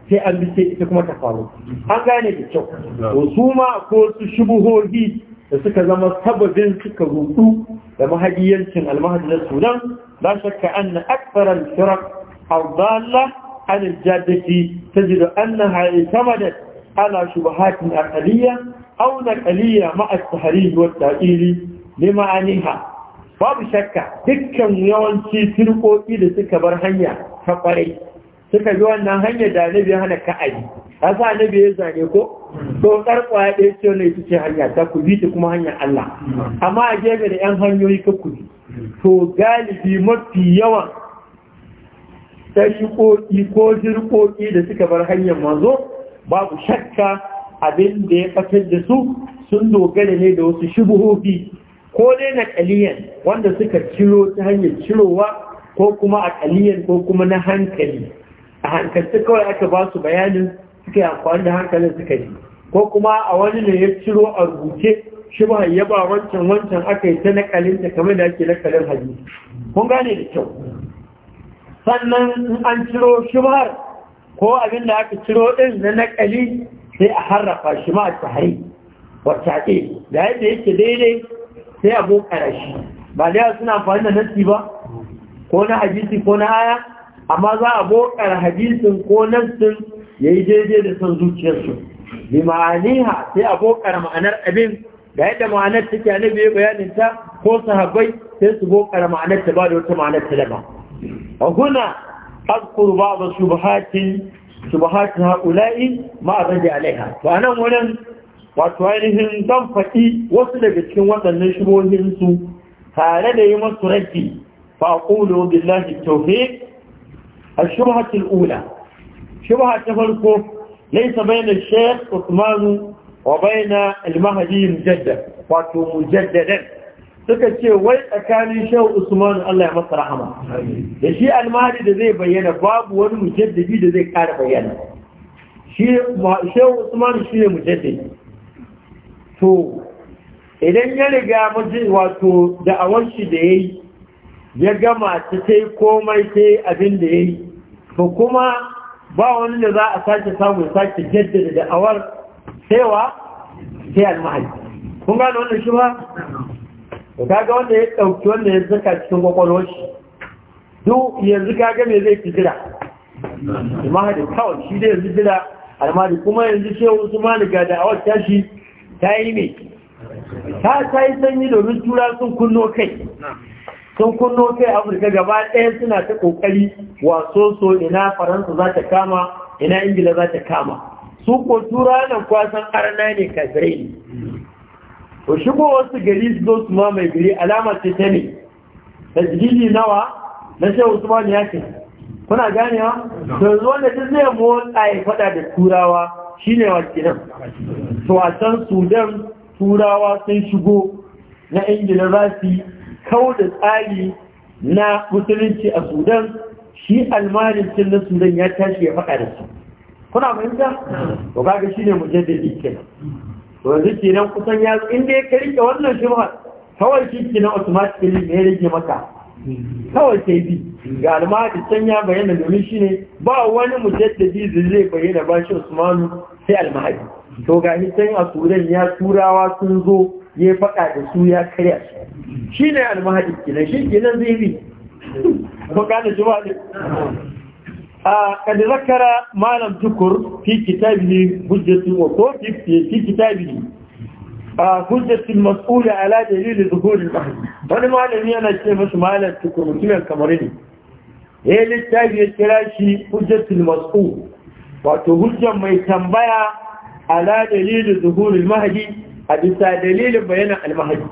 sai an bi sai ita kuma ta faru an gane da kyau to su ma akwai wasu shubuhohi da suka zama sababin suka rudu da mahajiyancin almahadi na sunan la shakka anna akthara al-firaq al-dalla an al-jaddati tajidu annaha i'tamadat ala shubuhatin aqliyya aw naqliyya ma'a at-tahrij wa at ne ma'aniha. babu shakka dukkan yawanci turkoki da suka bar hanya ta kwarai suka bi wannan hanyar da nabi hana ka'ayi a sa nabi ya zane ko to karkwa ɗaya ce wannan ita ce hanya ta ku bi ta kuma hanyar Allah amma a gefe da yan hanyoyi ka ku to galibi mafi yawan tariƙoƙi ko jirƙoƙi da suka bar hanyar manzo babu shakka abin da ya fatar da su sun dogara ne da wasu shubuhofi ko dai na ƙaliyan wanda suka ciro ta hanyar cirowa ko kuma a ƙaliyan ko kuma na hankali a hankalci kawai aka ba su bayanin suka yi amfani da hankalin suka yi, ko kuma a wani ne ya ciro a rubuce shi ba ya ba wancan wancan aka yi ta nakalin ta kamar da ake na nakalin hajji kun gane da kyau sannan an ciro shi ba ko abin da aka ciro din na nakali sai a harrafa shi ma a tsari wacce da yadda yake daidai sai a bokara shi ba da suna amfani da nassi ba ko na hadisi ko na aya amma za a bokara hadisin ko nassin yayi yi daidai da son zuciyarsu bi ma'aniha sai a bokara ma'anar abin da yadda ma'anar take annabi ya bayanin ta ko sahabbai sai su bokara ma'anar ta ba da wata ma'anar ta ba. a huna ba ba'd subhati subhati haula'i ma alaiha to anan wurin wato ainihin zan faɗi wasu daga cikin waɗannan shigohinsu tare da yi masu raddi faƙulo billahi taufe a shubhatul ula shubha ta farko laisa baina shaykh Usman wa baina al-mahdi mujaddad wato mujaddadan suka ce wai tsakanin shaykh Usman Allah ya masa rahama da shi al-mahdi da zai bayyana babu wani mujaddadi da zai ƙara bayyana shi shaykh Usman shi ne mujaddadi to idan ya riga mutum wato da'awar shi da ya yi ya gama ta kai komai sai abin da ya yi ba kuma ba wani da za a sake samu sake jaddada da'awar cewa sai almahal kun gano wannan shi ba ga wanda ya ɗauki wanda ya zaka cikin kwakwalwar shi duk yanzu ka ga me zai fi jira almahal kawai shi dai yanzu jira almahal kuma yanzu shehu maliga ga da'awar tashi ta yi mai ta ta yi sanyi domin tura sun kunno kai sun kunno kai afirka gaba ɗaya suna ta ƙoƙari wasu so ina faransa za ta kama ina ingila za ta kama su ko tura nan kwasan arna ne kafirai ne ko ko wasu gari su zo su mai gari alama ce ta ne jirgin nawa na wasu usman ya ce kuna ganewa to yanzu wanda duk zai motsa ya faɗa da turawa shi ne wakilan to sudan turawa sun shigo na ingila za su da tsari na musulunci a sudan shi cin na sudan ya tashi ya faɗa da su kuna fahimta to kaga ne mujaddidi kenan to yanzu kenan kusan ya in ya ka rike wannan shubha kawai shi kenan automatically ne ya rage maka kawai sai bi ga almahadi can ya bayyana domin shi ne ba wani mujaddadi zai bayyana ba shi usmanu sai almahadi to ga can a turai ya turawa sun zo ya faɗa da su ya karya shi ne almahadi kenan shi kenan zai bi ko kana juma ne a kad zakara malam dukur fi kitabihi hujjatu wa ko fi kitabihi كنت آه، المسؤول على دليل ظهور المهدي وانا ما لم يانا الشيخ ما لا تكون كما الكمريني هي للتاجي التلاشي كنت المسؤول وتهجا ما يتنبيع على دليل ظهور المهدي حدث دليل بيان المهدي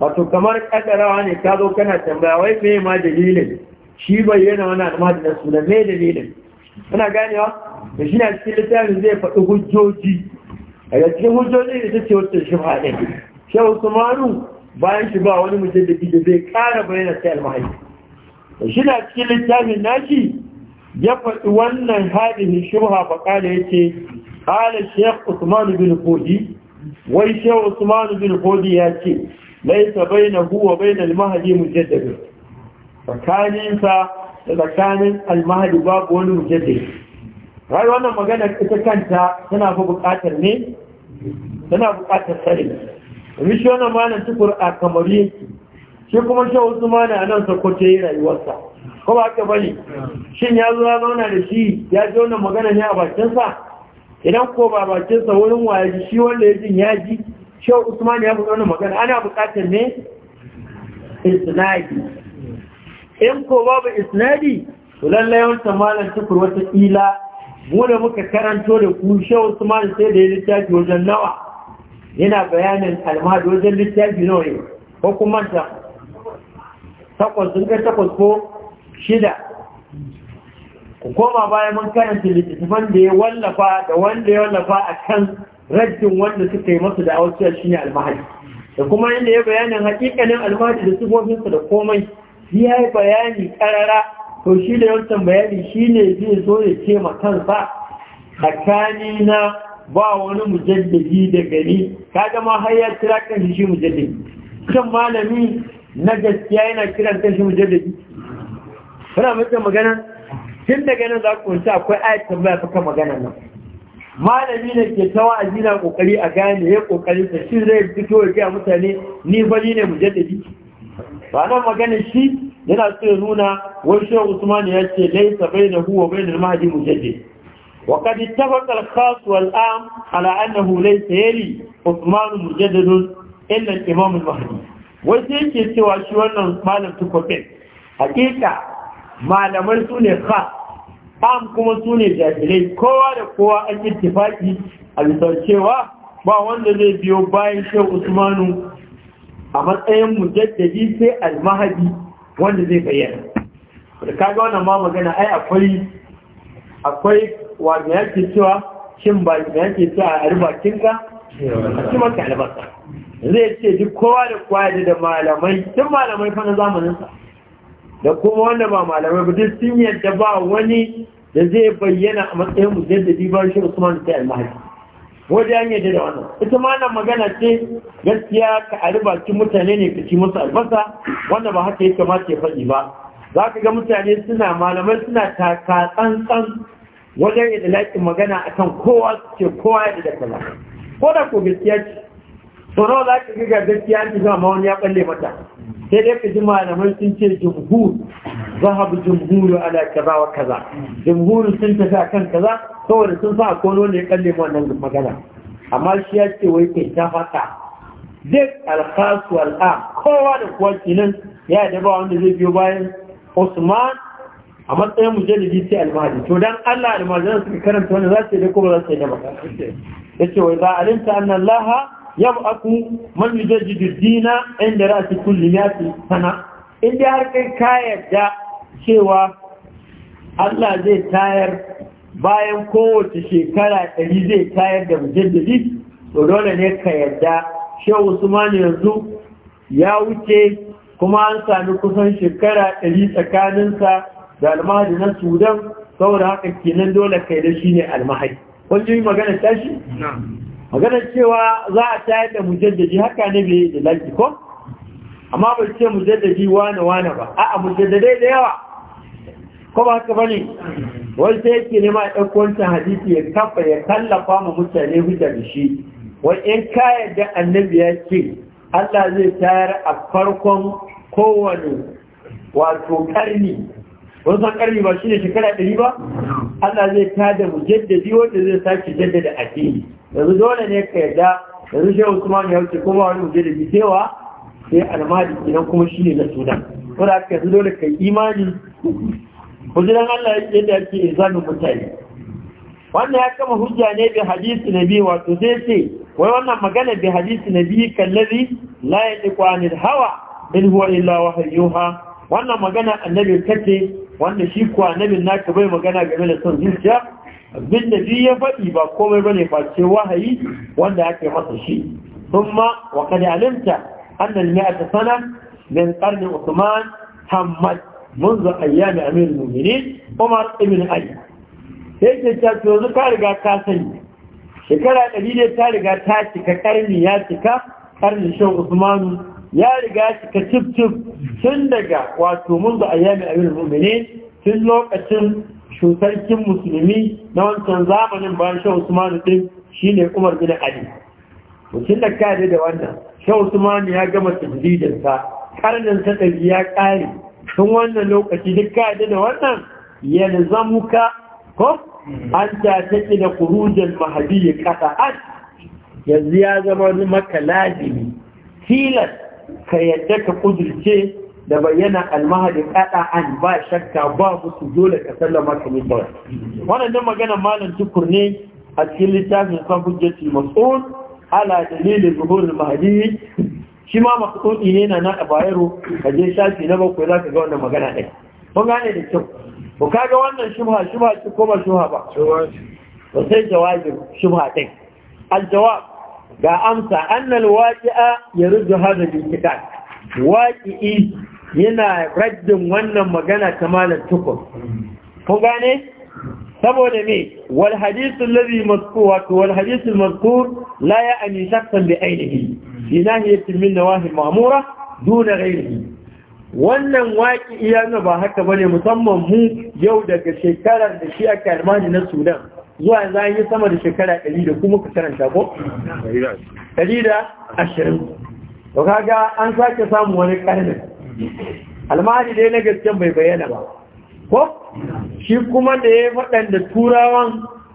وتكمر قدر عن كذا كان تنبيع ويمي ما دليل شي بيان عن المهدي نسولا ما دليل انا قاني اه مشينا السلطان زي فتهجوجي a cikin hujjoji da ce wata shifa ne shehu shi usmanu bayan shi ba wani mutum da da zai kara bayyana sai almahai shi na cikin littafin nashi ya faɗi wannan hadihin shubha ba ƙala ya ce ƙala shekh usmanu bin fodi wai shekh usmanu bin fodi ya ce laisa baina huwa baina almahadi mujaddadi tsakaninsa da tsakanin almahari babu wani mujaddadi wai wannan maganar ita kanta tana fi buƙatar ne tana bukatar sani domin shi wannan malam tukur a kamar yake shi kuma shi wasu mana a nan sako ta yi rayuwarsa ko ba ka bane shin ya zo ya zauna da shi ya ji wannan magana ne a bakinsa idan ko ba bakinsa wurin waye ji shi wanda ya ji ya ji shi usman ya faɗi wannan magana ana buƙatar ne isnadi in ko babu isnadi to lallai wancan malam tukur wata ƙila mu da muka karanto da ku shehu usman sai da ya littafi wajen nawa yana bayanin almahadi wajen littafi nawa ne ko kuma ta takwas sun ga takwas ko shida ku koma baya mun karanta littafin da ya wallafa da wanda ya wallafa a kan rajin wanda suka yi masu da awaciyar shi ne almahadi da kuma inda ya bayanin hakikanin almahadi da sifofinsa da komai ya yi bayani karara to shi da yawancin bayani shi ne zai zo ya ce ma kansa tsakani na ba wani mujaddadi da gani Ka ma har ya kira kan shi mujaddadi kan malami na gaskiya yana kiran kan shi mujaddadi kana mutum magana tun daga nan za ku kunta akwai ayat tambaya fa kan magana nan malami ne ke ta wa'azi na kokari a gane ya kokari ta shi zai fito ya ga mutane ni fa ne mujaddadi ba nan magana shi yana so ya nuna wai shi Usman ya ce laysa huwa wa bainal mahdi mujaddid wa kad ittafaqa al-khas wal am ala annahu laysa yali Usman mujaddid illa al-imam al-mahdi wai sai yake cewa shi wannan malam tukofin hakika malamai su ne am kuma su ne jahilai kowa da kowa an yi a bisa cewa ba wanda zai biyo bayan shehu usmanu a matsayin mujaddadi sai almahadi wanda zai bayyana da kaga wannan ma magana ai akwai akwai me yake cewa shin ba yake cewa a ribakin ka a cikin albarka zai ce duk kowa da kowa da malamai tun malamai fa na zamanin sa da kuma wanda ba malamai ba duk sun yadda ba wani da zai bayyana a matsayin mujaddadi ba shi Usman da sai almahadi wajen an yadda da wannan ita ma nan magana ce gaskiya ka a bakin mutane ne ka ci musu albasa wanda ba haka ya kamata ya faɗi ba za ka ga mutane suna malamai suna taka tsantsan wajen yadda laƙin magana akan kowa su ce kowa ya da kaza ko da ko gaskiya ce tsoro za ka ga gaskiya ki zama wani ya balle mata sai dai ka ji malamai sun ce jumhur Zahab jumhuru ala kaza wa kaza jumhuru sun tafi kan kaza saboda sun sa kono ne kalle wannan magana amma shi ya ce wai kai ta fata duk alkhasu A kowa da kowa kenan ya da ba wanda zai biyo bayan Usman a matsayin mujallidi sai almahadi to dan Allah almajiran suka karanta wanda za su yi da kuma za su yi da ba ya ce wai ba alinta annan laha yab'atu man yujaddidu dina inda ra'si kulli mi'ati sana in dai har kai ka yarda cewa Allah zai tayar bayan kowace shekara ɗari zai tayar da mujaddidi to dole ne ka yarda shehu Usman yanzu ya wuce kuma an sami kusan shekara ɗari tsakaninsa da almahadi na Sudan saboda haka kenan dole kai da shi ne almahadi kun ji magana tashi maganar cewa za a tayar da mujaddadi haka ne bai da lanki ko amma bai ce mujaddadi wane wane ba a mujaddadai da yawa ko ba haka bane Wani sai yake nema a ɗauko wancan hadisi ya kafa ya kallafa ma mutane hujja da shi Wani 'yan kayan da annabi ya ce Allah zai tayar a farkon kowane wato karni wani san karni ba shi ne shekara ɗari ba Allah zai tada mujaddadi wanda zai sake jaddada addini yanzu dole ne ka yadda yanzu shi usman ya wuce kuma wani muje da bi cewa sai almadi idan kuma shi ne na sudan ko da yanzu dole ka yi imani hujjan Allah yadda ake izanin mutane wannan ya kama hujja ne bi hadisi biyu wato sai ce wai wannan magana bi hadisi nabi kallazi la yadiqu anil hawa in huwa illa wahyuha wannan magana annabi kace wanda shi kuwa annabin naka bai magana game da son zuciya abin da ji ya faɗi ba komai ba ne face wahayi wanda ake masa shi kuma ثم وقد علمت أن المئة سنة من قرن عثمان همت منذ أيام أمير المؤمنين عمر ابن علي ce ta yanzu ka riga ka sani shekara ɗari ne ta riga ta cika karni ya cika karni shan usmanu ya riga cika cif cif tun daga wato mun da ayyami abin mumine tun lokacin sarkin musulmi na wancan zamanin bayan shan usmanu din ne umar bin ali mutum da kare da wannan shan usmanu ya gama tabbidinsa karnin sa ya ƙare tun wannan lokaci duk kare da wannan zamuka ko an ta take da kurujin mahadi ya kasa an yanzu ya zama maka tilas ka yadda ka kudurce da bayyana almahadi kada an ba shakka ba musu dole ka sallama ka ne kawai wannan magana malam tukur ne a cikin littafin kan hujjati mas'ud ala dalilin zuhurul mahdi shi ma makasudi ne na na bayaro a je shafi na bakwai za ka ga wannan magana ɗaya kun gane da kyau ko kaga wannan shubha shubha ce ko ba shubha ba to sai jawabin shubha ɗin jawab ga amsa annal waqi'a yarju hada bi kitab waqi'i yana raddin wannan magana ta malam tukur kun gane saboda me wal hadisul ladhi mazkur wato wal hadisul mazkur la ya'ni shakhsan bi ainihi inahiyatin min nawahi ma'mura duna ghairihi wannan waki iyana ba haka ba ne, musamman mu yau daga shekarar da shi aka almani na Sudan zuwa yanzu an yi sama da shekara ɗari da kuma ka karanta ko Ɗari da ashirin. to kaga an sake samu wani karnin almahadi dai na gaske bai bayyana ba ko shi kuma da ya faɗanda turawan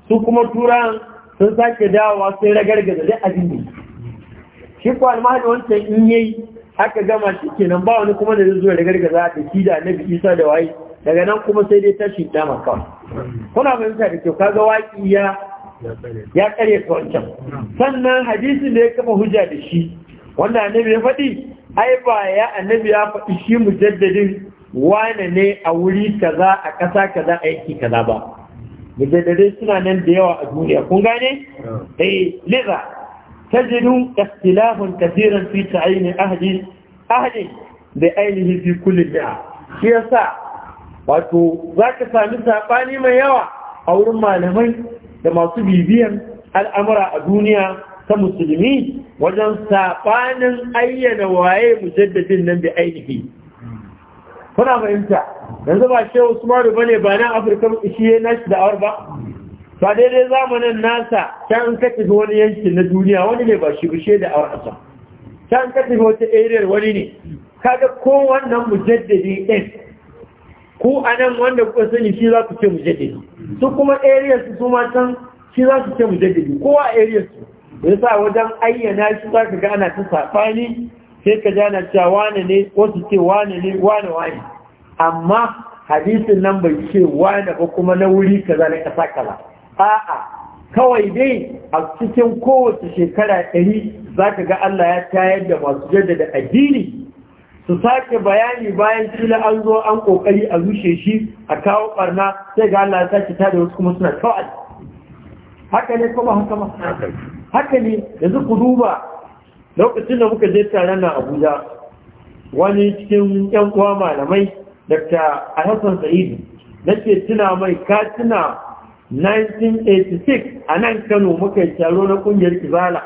su kuma turawan sun sake dawowa sai ragargaza dai abin shi ko almahadi wancan in yi aka gama shi kenan ba wani kuma da zai zo ragargaza da shi da annabi isa da waye daga nan kuma sai dai tashi dama kawai kuna fahimta da kyau kaga waki ya ya kare ta sannan hadisin da ya kafa hujja da shi wanda annabi ya faɗi ai ba ya annabi ya faɗi shi mujaddadin wane ne a wuri kaza a ƙasa kaza aiki kaza ba mujaddadai suna nan da yawa a duniya kun gane eh liza tajidu ikhtilafan kathiran fi ta'yin ahli ahli bi ainihi fi kulli da'a shi yasa wato zaka sami sabani mai yawa a wurin malamai da masu bibiyan al'amura a duniya ta musulmi wajen saɓanin ayyana waye mujaddadin nan da ainihi kuna fahimta yanzu ba shi usmanu bane ba na afirka shi ya nashi da'awar ba ba daidai zamanin nasa can ka tafi wani yankin na duniya wani ne ba shi bushe da awar asa can ka tafi wata ariyar wani ne kaga ko wannan mujaddadi ɗin ku a nan wanda kuka sani shi za ku ce mujaddadi su kuma ariyar su ma can shi za su ce mujaddadi kowa ariyar su ya sa wajen ayyana shi za ka ga ta saɓani sai ka jana cewa wane ne wasu ce wane ne wane wane amma hadisin nan bai ce wane ba kuma na wuri kaza na ƙasa kaza a'a kawai dai a cikin kowace shekara ɗari za ka ga Allah ya tayar da masu jaddada addini su sake bayani bayan kila an zo an kokari a rushe shi a kawo ɓarna, sai ga Allah ya sake da wasu kuma suna kawai haka ne kuma haka ma haka ne yanzu ku duba lokacin da muka je tare na abuja wani cikin yan uwa malamai dr alhassan sa'idu na ce tuna mai ka tuna 1986 a nan kano muka yi taro na kungiyar kizala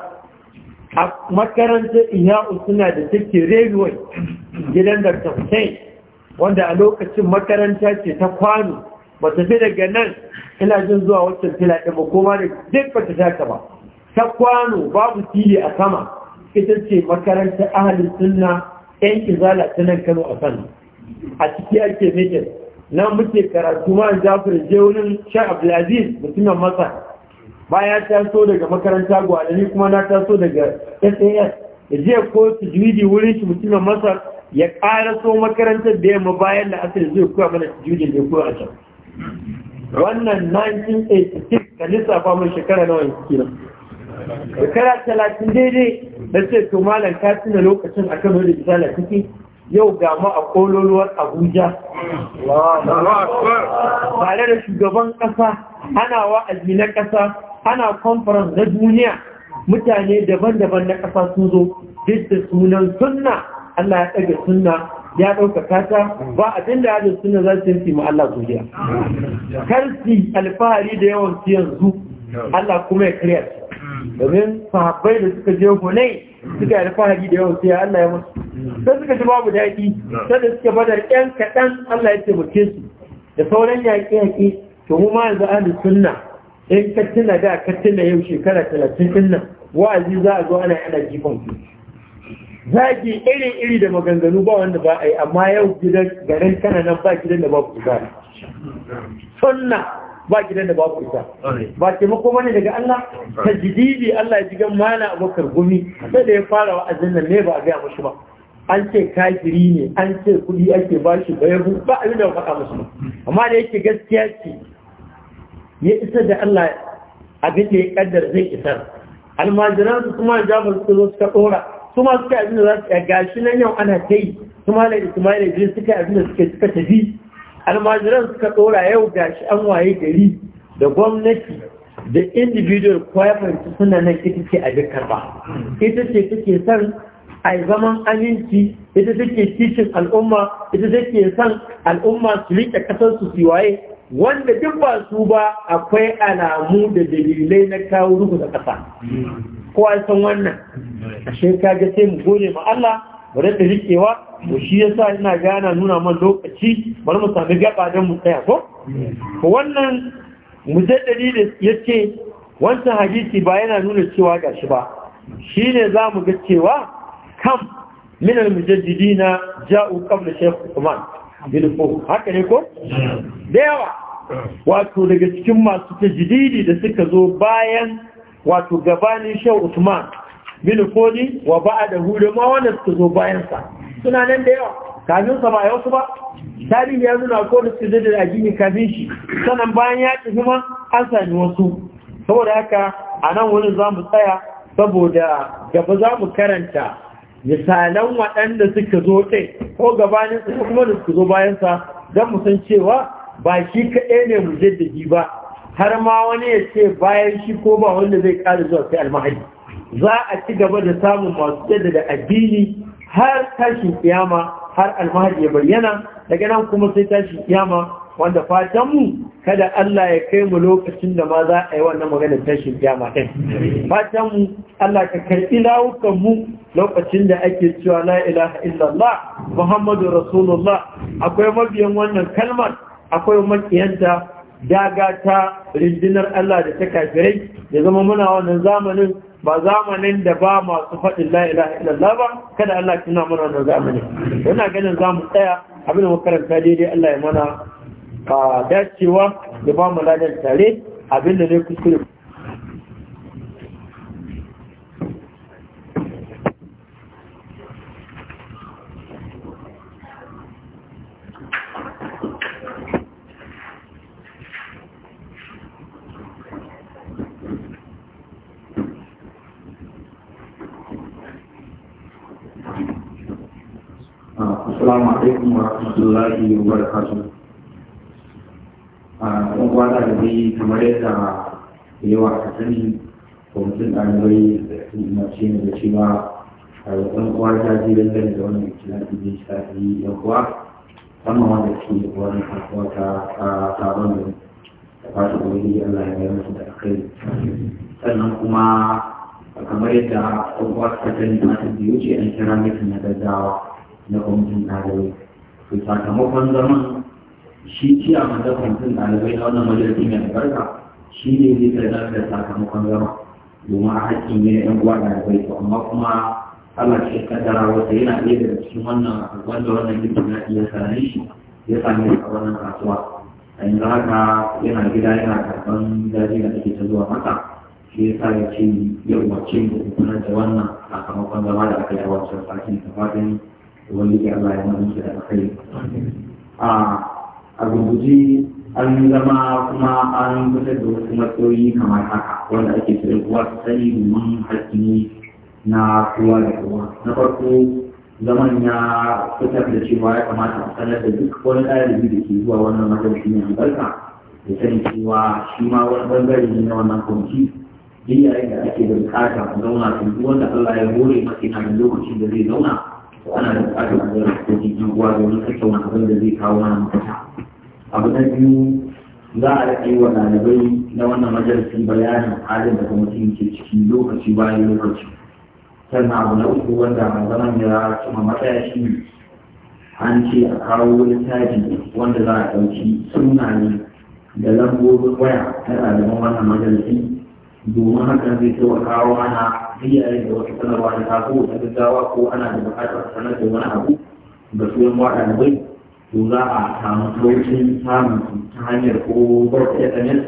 a makarantar iya'u suna da take railway gidan dr hussein wanda a lokacin makaranta ce ta kwano ba ta daga nan ina jin zuwa waccan filaɗe ba koma da duk ba ta ba ta kwano babu tili a sama ita ce makarantar ahalin sunna yan izala ta nan kano a sana a ciki ake mikin nan muke karatu ma jafir jeunin sha abdulaziz mutumin masar ya taso daga makaranta gwanani kuma na taso daga sas da jiya ko tajwidi wurin shi mutumin masar ya so makarantar da yamma bayan da asali zai kuwa mana tajwidin da koya a can wannan 1986 ka lissafa mai shekara nawa yanzu kenan shekara talatin daidai na ce to malam ka tuna lokacin a kan wani misali kake yau ga ma a kololuwar abuja tare da shugaban ƙasa ana wa'azi na ƙasa ana conference na duniya mutane daban-daban na ƙasa sun zo duk da sunan sunna allah ya ɗaga sunna ya ɗaukaka ta ba abin da yadda suna za su yi ma Allah zuriya. Karsi alfahari da yawan yanzu Allah kuma ya kariya domin sahabbai da suka je hunai suka yi fahari da yawan sai Allah ya musu sai suka ji babu daɗi sai da suka badar ƴan kaɗan Allah ya taimake su da sauran yaƙe-yaƙe to mu ma yanzu ahli sunna in ka tuna da ka tuna yau shekara talatin dinna nan wa'azi za a zo ana ana jifan ku zaki iri-iri da maganganu ba wanda ba a yi amma yau gidan garin kana nan ba gidan da ba ku ba sunna ba gidan da ba ku isa ba taimako mani daga Allah ta jididi Allah ya jigan mana abokar gumi sai da ya fara wa'azin nan ne ba a gaya mashi ba an ce kafiri ne an ce kuɗi ake ba shi ba yabu ba abin da faka mashi ba amma da yake gaskiya ce ya isa da Allah abin da ya kaddar zai isar almajiran su kuma Jamus, su zo suka ɗora su suka abin da za su gashi nan yau ana ta yi su ma da ismaila idris suka abin da suka tafi almajiran suka ɗora yau shi an waye gari da gwamnati da individual kwaifanci suna nan ita ce a dukkan ba ita ce take son a zaman aminci ita take cikin al'umma ita take son al'umma su rike ƙasarsu su waye wanda duk ba su ba akwai alamu da dalilai na kawo ruhu da ƙasa kowa san wannan a shekaga sai mu gode ma Allah bare da rikewa to shi yasa ina gana nuna man lokaci bari mu sami gaba don mu tsaya ko wannan mujaddadi da yace wancan hadisi ba yana nuna cewa gashi ba shine mu ga cewa kam min mujaddidina ja'u qabla shaykh Uthman bin haka ne ko da yawa wato daga cikin masu tajdidi da suka zo bayan wato gabanin shaykh Uthman bilifoli wa ba'a da hudu ma wanda suka zo bayansa suna nan da yawa kafin sa ba yau su ba tarihi ya nuna ko da su zai da addini kafin shi sannan bayan ya ci kuma an sami wasu saboda haka a nan wani za mu tsaya saboda gaba za mu karanta misalan waɗanda suka zo kai ko gabanin su kuma da suka zo bayansa don mu san cewa ba shi kaɗai ne mu jaddadi ba har ma wani ya ce bayan shi ko ba wanda zai ƙara zuwa sai almahadi za a ci gaba da samun masu jaddada addini har tashin kiyama har almahadi ya bayyana daga nan kuma sai tashin kiyama wanda fatan mu kada Allah ya kai mu lokacin da ma za a yi wannan maganar tashin kiyama din fatan mu Allah ka karbi lawukan mu lokacin da ake cewa la ilaha illallah muhammadu rasulullah akwai mabiyan wannan kalmar akwai makiyanta daga ta rindinar Allah da ta kafirai ya zama muna wannan zamanin ba zamanin da ba masu faɗin la'ila illallah ba kada Allah tuna mana wannan zamani yana ganin za mu tsaya abin da makaranta daidai Allah ya mana dacewa da ba mu ladan tare abin da ne kuskure Assalamu alaikum wa rahmatullahi wa barakatuh. Ɗan ah, kwata da bai kamar yadda da yawa a sani kwamitin ɗalibai da mace ne da cewa ɗan kwata ji dangane da wannan kila da bai shafi yan uwa musamman wanda ke wani kasuwa ta sabon da da fata yi Allah ya bayar musu da kai. Sannan kuma kamar yadda ɗan kwata ta sani ta biyu ce an kira mutum na gaggawa. na kwamitin ɗalibai su sakamakon zaman shi ciya mata kwamitin ɗalibai na wannan majalisi mai albarka shi ne zai tsada da sakamakon zama domin a haƙƙin ne ɗan ‘yan uwa ɗalibai to amma kuma Allah ce kaddara wata yana ɗaya daga cikin wannan wanda wannan gidin na iya sanar shi ya same a wannan kasuwa a yanzu haka yana gida yana karɓar daji da ake ta zuwa mata, shi ya sa ya ce ya umarce mu da wannan sakamakon zama da aka yi a wancan sakin da fatan ubangiji Allah ya nuna shi da kai a rubuce an zama kuma an fitar da wasu matsayoyi kamar haka wanda ake cire kuwa su sani domin haƙƙi na kowa da kowa na farko zaman ya fitar da cewa ya kamata a sanar da duk wani ɗalibi da ke zuwa wannan majalisi ne albarka da sani cewa shi ma wani bangare ne na wannan kwamci duk yayin da ake da bukata zauna su wanda Allah ya hore masa yana da lokacin da zai zauna ana da a zai da jirgin ruwa domin tattauna abin da zai kawo mana mafita abu na biyu za a rike wa ɗalibai na wannan majalisi bayanin halin da kwamitin ke ciki lokaci bayan lokaci sannan abu na uku wanda zaman ya cima matsaya shi an ce a kawo littafi wanda za a ɗauki sunaye da lambobin waya na ɗaliban wannan majalisi domin hakan zai taimaka wa mana iyayen da wasu sanarwa da taso da gaggawa ko ana da buƙatar sanar da wani abu da su yan waɗa da bai to za a samu sauƙin samun ta hanyar ko barka sms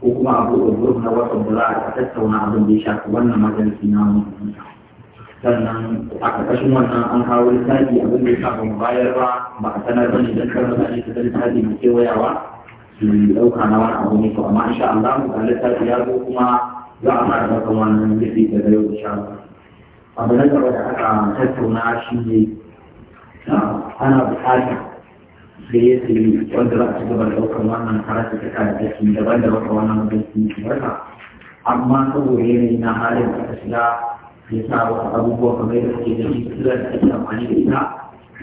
ko kuma a buɗe group na whatsapp da za a tattauna abin da ya shafi wannan majalisi na mutum sannan a ƙarƙashin wannan an kawo lissafi abin da ya shafi mu bayar ba ba a sanar ba ne don kar mutane su ga lissafi mai kewayawa su ɗauka na wani abu ne to amma insha Allah mu ga lissafi ya zo kuma za a fara maka wannan da daga yau sha abu na gaba da aka tattauna shi ne ana bukata da ya ce wanda za a ci gaba da ɗaukar wannan karatu ta kare da shi daban da baka wannan wajen su yi barka amma saboda yanayi na halin da ta shiga ya sa wasu abubuwa kamar yadda suke da shi tura da ake amfani da ita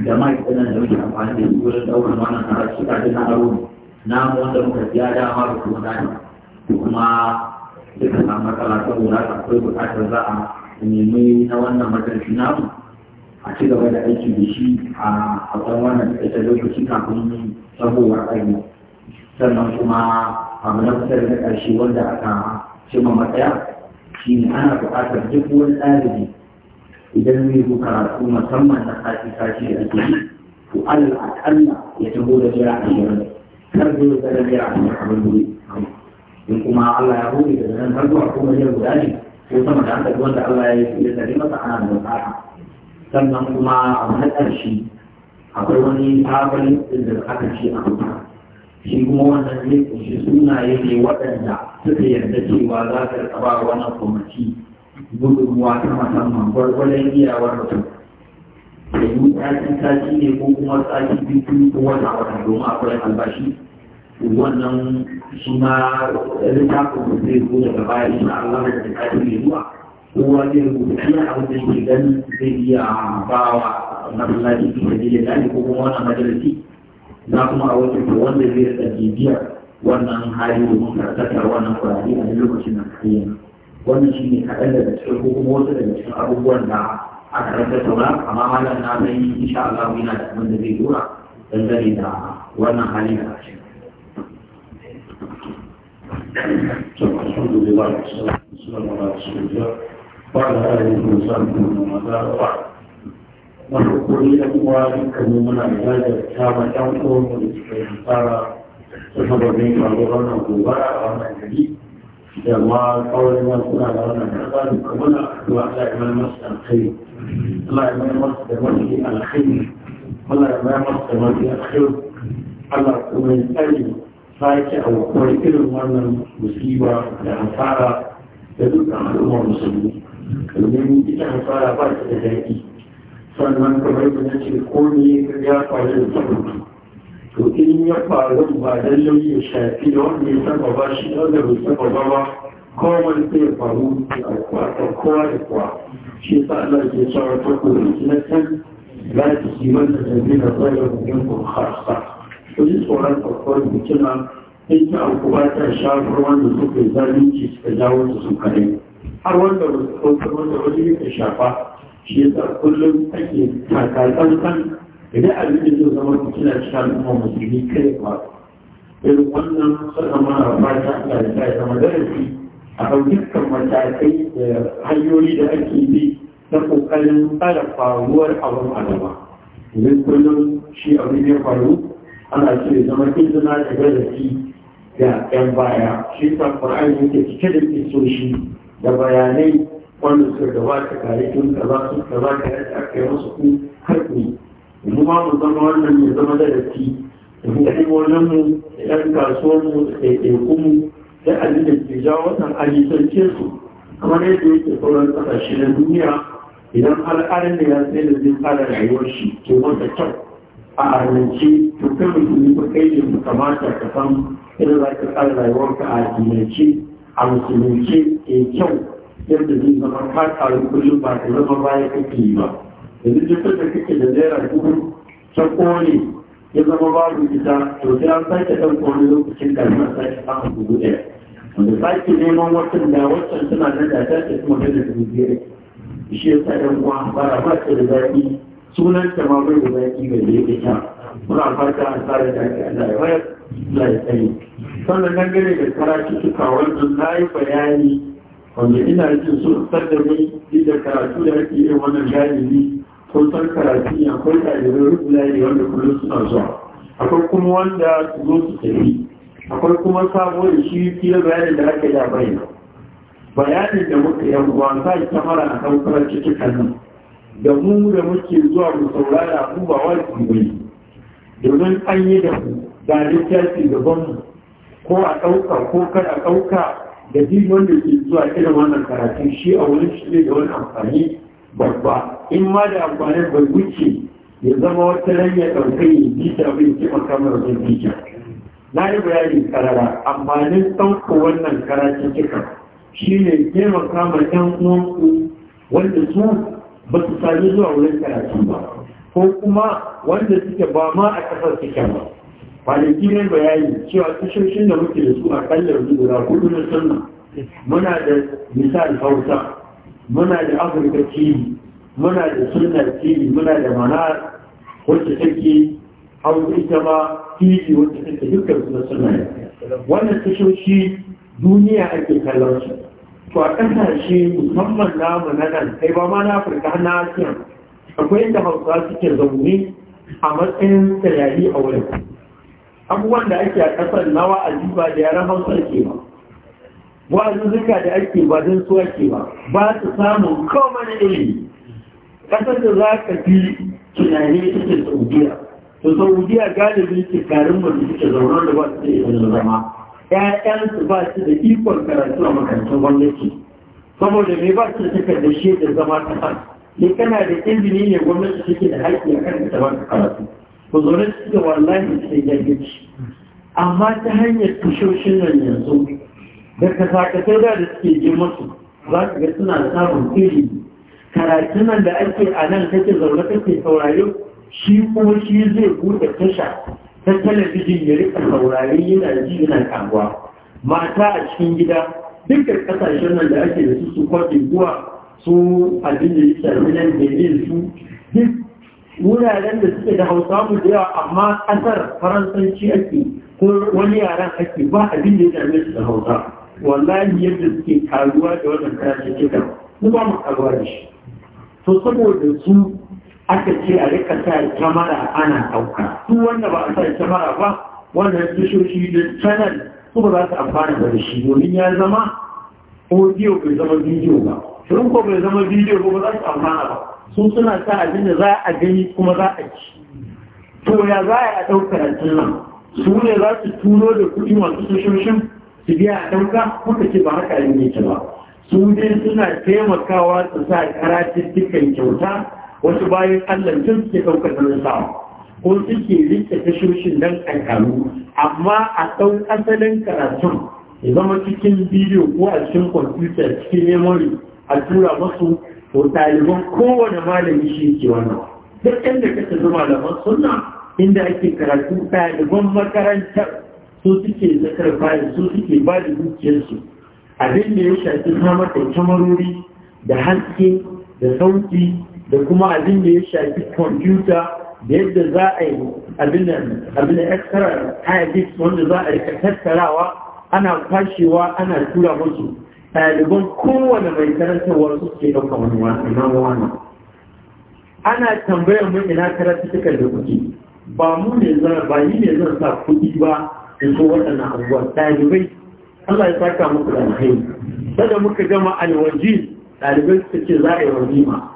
da mai tsanan da muke amfani da su wurin ɗaukar wannan karatu ta kare na aro na wanda muka siya dama da kuma kuma duka samu matsala saboda akwai buƙatar za a nemi na wannan matashi namu a ci gaba da aiki da shi a hakan wannan ita lokaci kafin tsagowar aiki sannan kuma abu na kusa da ƙarshe wanda aka cimma matsaya shi ne ana buƙatar duk wani ɗalibi idan zai zo karatu musamman na sati sati da ake yi to Allah ya taho da jira a shirin kar zai zo jira a shirin abin da in kuma Allah ya hude da nan har zuwa kuma zai guda ne ko sama da haka wanda Allah ya yi ya tsare masa ana da matsala sannan kuma a na ƙarshe akwai wani sabon da aka ce a rubuta shi kuma wannan zai kunshi sunaye ne waɗanda suka yarda cewa za ka raba wannan kwamiti gudunmuwa ta musamman gwargwadon iyawar mutum da yi tsaki ne ko kuma tsaki biyu ko wata wata domin akwai albashi wannan shi ma littafin da zai zo daga baya shi Allah da ta kai ne zuwa kowa zai rubuta iya abin da yake gani zai iya bawa masallaci da jirgin dali ko kuma wannan majalisi na kuma a wajen ko wanda zai rika bibiyar wannan hali domin karkatar wannan kurari a lokacin da ka wannan shi ne kaɗan daga cikin ko kuma wasu daga cikin abubuwan da aka rasa saura amma malam na san insha Allah yana da abin da zai dora dangane da wannan hali da ake الحمد لله والصلاة والسلام على رسول الله وعلى آله وصحبه ومن والاه وبعد Mahaukuri da kuwa dukkanin muna da da kama ɗan uwanmu da suka yi fara su sababin faruwar wannan gobara a wannan gari da ma kawai ma suna da wannan karɓa da kuma na addu'a Allah ya mai masu alkhairi Allah ya mai masu da mafi alkhairi Allah ya mai masu da mafi alkhairi Allah kuma ya tsare sake aukuwar irin wannan musiba da hasara da dukkan al'ummar musulmi domin ita hasara ba ta da daɗi sannan kamar da ce ko ne ya faru da sabon to in ya faru ba lallai ya shafi da wanda ya saba ba shi wanda bai saba ba ba kowai sai ya faru a kwatar kowa da kowa shi sa Allah ke cewa ta kuma na san za ta kiman da jami'a tsarin hukumar khasa su ji tsoron ɗaukar hikima in ta auku ba ta shafar wanda suka yi zalunci suka jawo su sun kare har wanda ba su ɗaukar wanda wani yake shafa shi yasa kullum ake takatsantsan idan abin da zai zama fitina cikin al'umma musulmi kai ba irin wannan suna mana fata Allah ya sa ya zama darasi a kan dukkan matakai da hanyoyi da ake bi na kokarin tsara faruwar abin a gaba. Idan kullum shi abin ya faru ana so ya zama izina da garafi ga 'yan baya shi ta ƙwararri yake cike da kisoshi da bayanai wanda suka gabata kare tun za su ta aka yi musu ku karɓi mu ma mu zama wannan ya zama darasi da mu ɗan wannan mu da ɗan kasuwar mu da ɗaiɗaikun mu da abin da ke jawo wannan alisance su kamar yadda yake sauran ƙasashe na duniya idan al'adun da ya sai da zai fara rayuwar shi ke wata kyau a arzance mutum kai musulmi ba kai ne mu kamata ka san idan za ka tsara ka a addinance a musulunci ke kyau yadda zai zama ka tsaru kullum ba ka zama baya kake yi ba yanzu jikin da kake da naira dubu ta kone ya zama babu ita to sai an sake ɗan kone lokacin da na sake samun dubu ɗaya wanda sake neman watan da waccan suna nan da ta ce kuma da dubu biyar shi ya sa ɗan uwa a ba ta da zaɓi sunan ta ma bai guda ki ga muna fata an tsara da ake Allah ya wayar Allah ya tsaye sannan nan gare da karatu suka wannan na yi bayani wanda ina jin so tsar da mai da karatu da ake yin wannan galibi ko san karatu ne akwai ɗalibai rukuna ne wanda kullum suna zuwa akwai kuma wanda su zo su tafi akwai kuma sabo da shi fiye bayanin da aka yi a bayan bayanin da muka yi wasa ta mara a kan karatu cikin nan da mu da muke zuwa mu saurara mu ba wajibi domin an yi da mu, ga littafi gaban mu ko a ɗauka ko kada ɗauka da duk wanda ke zuwa irin wannan karatu, shi a wurin shi ne da wani amfani babba in ma da amfanin bai wuce ya zama wata ranya ɗaukai ya jita bai ce makamar wajen jiki. na yi bayani karara amfanin ɗauka wannan karatu cikin shi ne taimaka ma ɗan uwanku wanda su ba su sami zuwa wurin karatu ba ko kuma wanda suke ba ma a kasar suke ba kwanaki ne bayani cewa tushoshin da muke da su a kallar guda hudu na sunna muna da misal hausa muna da afirka tv muna da sunna tv muna da mana wacce take hau ita ba tv wacce take dukkan su na sunna wannan tashoshi duniya ake kallon su to a ƙasashe musamman namu na nan sai ba ma na afirka na asiya akwai inda hausa suke zaune a matsayin tsayayi a wurin abubuwan da ake a ƙasar na wa'azi ba da yaran hausa ke ba wa'azuzzuka da ake ba don suwa ke ba ba su samun kawai na ilimi ƙasar da za ka fi tunani ita saudiya to saudiya galibi ke karin mutum suke zaune da ba su da zama ‘ya'yansu ba su da ikon karatu a makarantun gwamnati saboda mai ba su suka da shi da zama ta kan ne kana da izini ne gwamnati suke da haƙƙi a kan da ka karatu ku zo na cikin wallahi sai ya gaci amma ta hanyar tushoshin nan yanzu da kasakatai da da suke je musu za ka ga suna samun iri nan da ake a nan kake zaune kake saurayo shi kuma shi zai buɗe tasha Tattalin talabijin ya rika saurari yana ji yana karuwa mata a cikin gida dukkan kasashen nan da ake da su su kwaɗe zuwa su abin da ya shafi nan su duk wuraren da suke da hausa mu da yawa amma ƙasar faransanci ake ko wani yaran ake ba abin da ya shafi da hausa wallahi yadda suke karuwa da wannan kasashen cikin mu ba mu karuwa da shi to saboda su aka ce a rika sa kyamara ana ɗauka duk wanda ba a sa kyamara ba wannan shi da canal su ba za su amfana da shi domin ya zama audio bai zama video ba sun ko bai zama video ba za su amfana ba sun suna sa abin da za a gani kuma za a ci to ya za a ɗau tun nan su ne za su turo da kuɗi masu tashoshin su biya a ɗauka kuka ce ba haka yin yake ba su ne suna taimakawa su sa karatun dukkan kyauta wasu bayan Allah tun suke ɗaukar hannun sa ko suke rike tashoshin nan ƙanƙaru amma a ɗau asalin karatun ya zama cikin bidiyo ko a cikin kwamfuta cikin memory a tura masu ko ɗaliban kowane malami shi ke wannan duk inda ta zama malaman suna inda ake karatu ɗaliban makarantar su suke zakar bayan su suke ba da dukiyarsu abin da ya shafi samar da kyamarori da haske da sauti da kuma abin da ya shafi kwamfuta da yadda za a yi abin da extra high wanda za a rika tattarawa ana kwashewa ana tura musu ɗaliban kowane mai karantarwa su ke ɗauka wani wani ana tambayar mai ina karatu suka da kuke ba mu ne ba ni ne zan sa kuɗi ba in so waɗannan abubuwa ɗalibai Allah ya saka muku da alheri sada muka gama alwaji ɗalibai suka ce za a yi wajima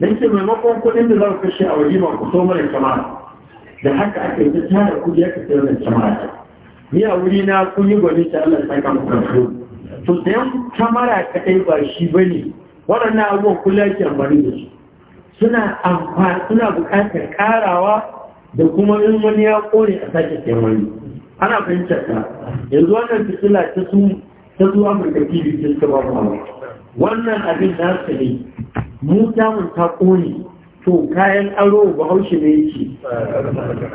da maimakon kuɗin da za ku kashe a waje ba ku so mara kama da haka aka yi tara kuɗi aka sayar da kama ni a wuri na kun yi gwani ta Allah ta kama kanku to sayan kamara kaɗai ba shi ba ne waɗannan abubuwan kula ke amfani da su suna amfani suna buƙatar ƙarawa da kuma in wani ya ƙone a sake sayan wani ana fahimtar ka yanzu wannan fitila ta sun ta zuwa amurka tv ta suka ba wannan abin na su ne mu tamun ta ƙone. to kayan aro bahaushe ne yake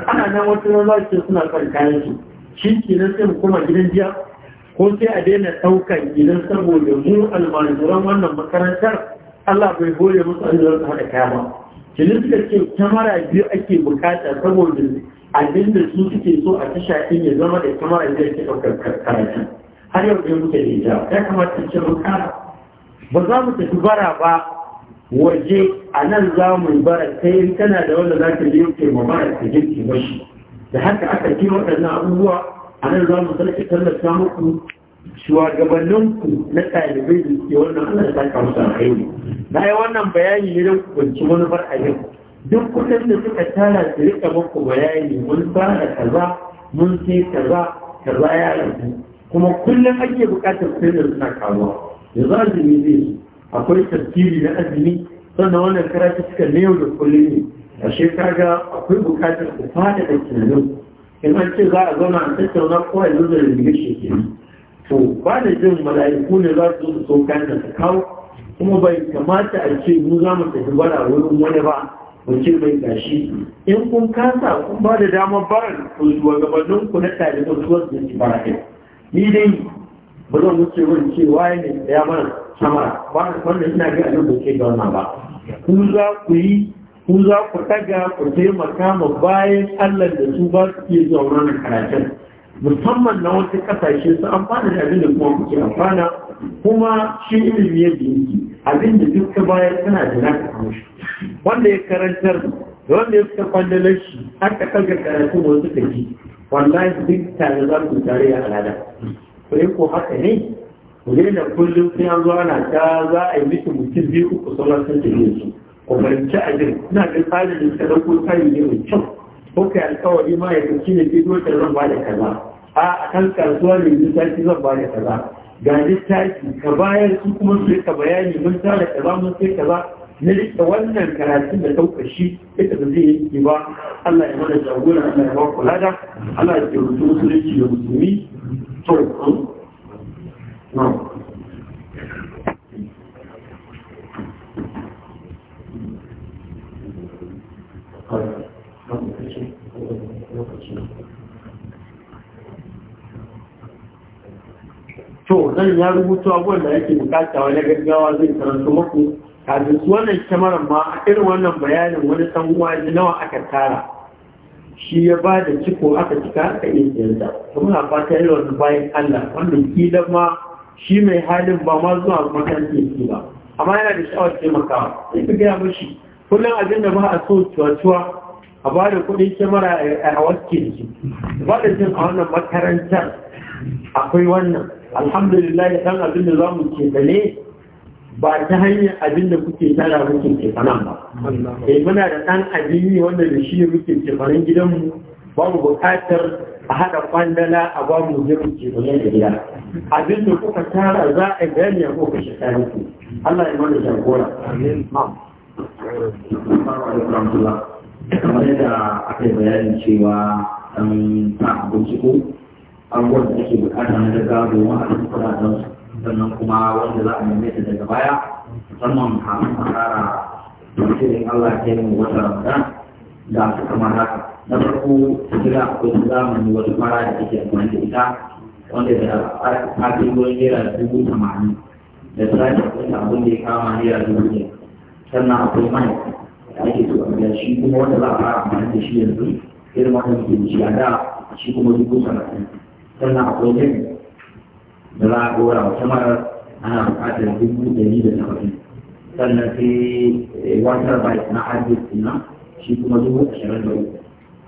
ana nan wata rana ce suna kan kayan su shi kenan sai mu koma gidan jiya ko sai a daina ɗaukar gidan saboda mu almajiran wannan makarantar Allah bai goye musu an zara haɗa kaya ba kinin suka ce kyamara biyu ake bukata saboda abinda su suke so a tasha ya zama da kyamara biyu ake ɗaukar karatu har yau da muke da ita ya kamata ce mu kara ba za mu tafi bara ba waje a nan za mu bara sai kana da wanda za ka biyo ke ma bara ka girki mashi da haka aka ce waɗannan abubuwa a nan za mu sarki tallata muku shugabanninku na ɗalibai da ke wannan Allah ya saka musu alkhairi na yi wannan bayani ne don kunci manufar a yau duk kudin da suka tara su rika muku bayani mun fara kaza mun sai kaza kaza ya rabu kuma kullum ake buƙatar da suna karuwa da za yi zai su akwai tafsiri na azumi sannan wannan karatu suka na yau da kullum ne a shekara akwai bukatar su fada da tunanin in an ce za a zauna a tattauna ko a zo da rigar shekaru to ba da jin mala'iku ne za su zo su so da su kawo kuma bai kamata a ce mu za mu tafi bara wurin wani ba mu ce mai gashi in kun kasa kun ba da damar barin ku shugabannin ku na ɗaliban suwar da ci bara kai ni dai ba zan wuce wani ce waye ne da ya mana samara ba wannan ina ga abin bai kai da wannan ba ku za ku yi ku za ku daga ku taimaka ma bayan Allah da su ba su iya zuwa wannan karatun musamman na wata kasashe su amfana da abin da kuma ku kuke amfana kuma shi ilimi yadda yake abin da duk ka bayar kana da naka kamar wanda ya karantar da wanda ya suka kwallalar shi har ka kalga karatu da wasu kaji wallahi duk tare za ku tare ya alada to yi ko haka ne ku ne da kullum sai an zo ana ta za a yi miki mutum biyu uku sauran sun tafiye su ku a jin suna da tsarin da suka dauko tsari ne mai kyau ko kai alkawari ma ya kaci ne bidiyo ta zan ba da kaza a kan kasuwa ne yanzu taki zan ba da kaza ga littafi ka bayar su kuma sai ka bayani mun tara kaza mun sai kaza na lissa wannan karatun da ɗaukar shi ita da zai yi ba Allah ya mana jagora Allah ya ba kula da Allah ya rubuta musulunci da musulmi to to nan ya rubuta abubuwan da yake bukata wani gaggawa zai karanta muku a yanzu wannan kyamarar ma a irin wannan bayanin wani san waje nawa aka tara shi ya ba da ciko aka cika aka yi siyarta kuma na fata yi wani bayan allah wanda kila ma shi mai halin ba ma zuwa makarantar yake ba amma yana da sha'awar taimakawa sai ka gaya mashi kullum abin da ba a so cuwa-cuwa a ba da kudin kyamara a wasu kirki ba da jin a wannan makarantar akwai wannan alhamdulillah ya san abin da za mu ke da ne ba ta hanyar abin da kuke tara muke cefanan ba. Sai eh, muna da ɗan abin wanda da shi muke cefanan gidanmu babu buƙatar a haɗa kwandala a ba mu jirin cefanen da gida. Abin da kuka tara za a gane ko ka shi tare ku. Allah ya mana jagora. Kamar yadda aka yi bayanin cewa an sa abinci ko an abubuwan da ke bukata na gaggawa domin a kuɗaɗen su sannan kuma wanda za a neme ta daga baya musamman kamun a fara shirin Allah ke mu wata Ramadan da su kama haka na farko kira akwai su zamani wata fara da ake amfani da ita wanda da ake wurin naira dubu tamani da tafi akwai abin da ya kama naira dubu ne sannan akwai mai da ake so a biya shi kuma wanda za a fara amfani da shi yanzu irin wanda muke da shi a da shi kuma dubu talatin sannan akwai jami'a da za a ɗora wa kyamarar ana buƙatar dubu ɗari da saba'in sannan sai eh, water bike na hajjis na shi kuma dubu ashirin da uku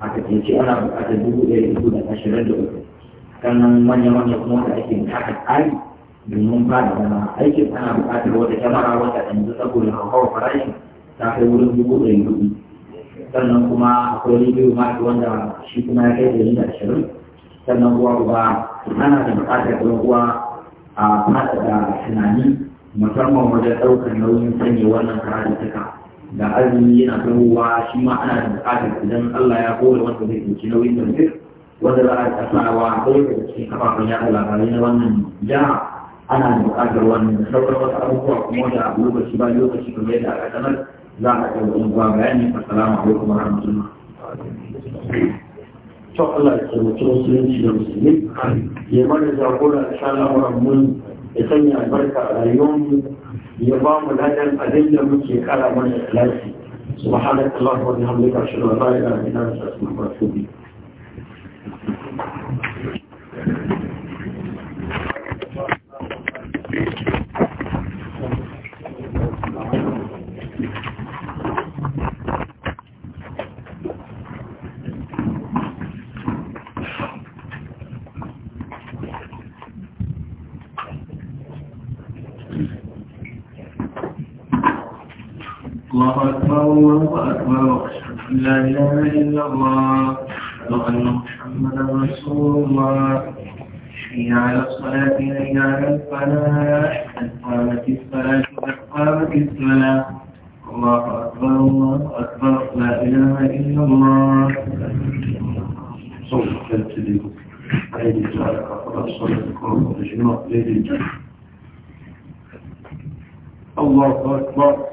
a takaice ana buƙatar dubu ɗari uku da ashirin da uku sannan manya-manya kuma da ake buƙatar tsari domin ba da dama aikin ana buƙatar wata kyamara wata yanzu saboda hauhawar farashin ta kai wurin dubu ɗari hudu sannan kuma akwai rediyo masu wanda shi kuma ya kai ɗari da ashirin sannan kuwa uba ana da buƙatar ɗan uwa a faɗaɗa tunani musamman wajen ɗaukar nauyin sanya wannan karatuttuka da azumi yana tahowa shi ma ana da buƙatar idan Allah ya kore wanda zai ɗauki nauyin mutum wanda za a kasawa ɗaya daga cikin kafafen yaɗa labarai na wannan jiha ana da buƙatar wannan da sauran wasu abubuwa kuma da lokaci ba lokaci kamar yadda aka sanar za a ɗauki ba bayani assalamu alaikum warahmatullahi to Allah ya tsammaci musulunci da musulmi ya mana jagora da sha lamuran mun ya sanya albarka a rayuwarmu ya ba mu ladan abin da muke kara mana lafi subhanakallahumma wa bihamdika ashhadu an la ilaha illa anta astaghfiruka wa atubu ilayk الله أكبر الله أكبر لا إله إلا الله وأن محمدا رسول الله حي على الصلاة حي على الفلاح قد قامت الصلاة قد قامت الصلاة الله أكبر الله أكبر لا إله إلا الله الله أكبر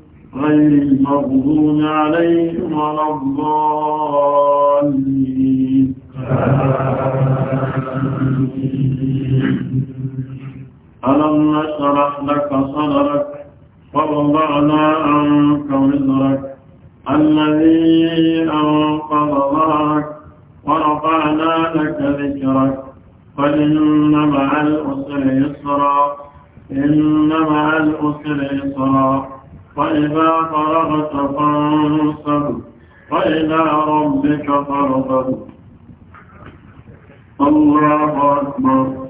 غير المغضوب عليهم ولا الضالين ألم نشرح لك صدرك ووضعنا عنك وزرك الذي أنقض ظهرك ورفعنا لك ذكرك فإن مع الأسر يسرا إن مع الأسر يسرا فإذا فرغت فانصب وإلى ربك فارغب الله أكبر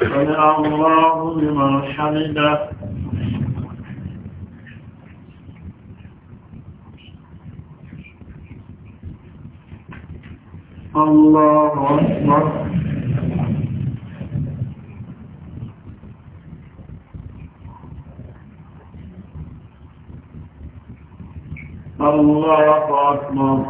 سمع الله لمن حمده الله أكبر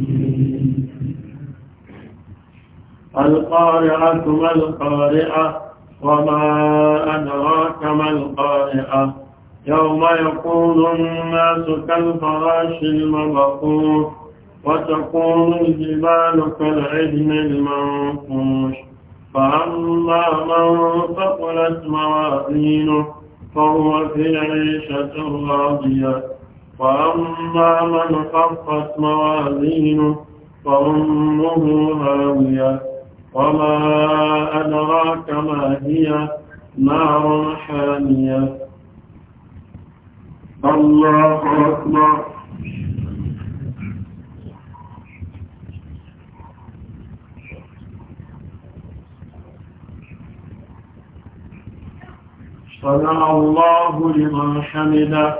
القارعة ما القارعة وما أدراك ما القارعة يوم يكون الناس كالفراش المبقوف وتكون الجبال كالعجم المنفوش فأما من ثقلت موازينه فهو في عيشة راضية وأما من خفت موازينه فأمه هاوية وما أدراك ما هي نار حامية الله أكبر صنع الله لمن حمده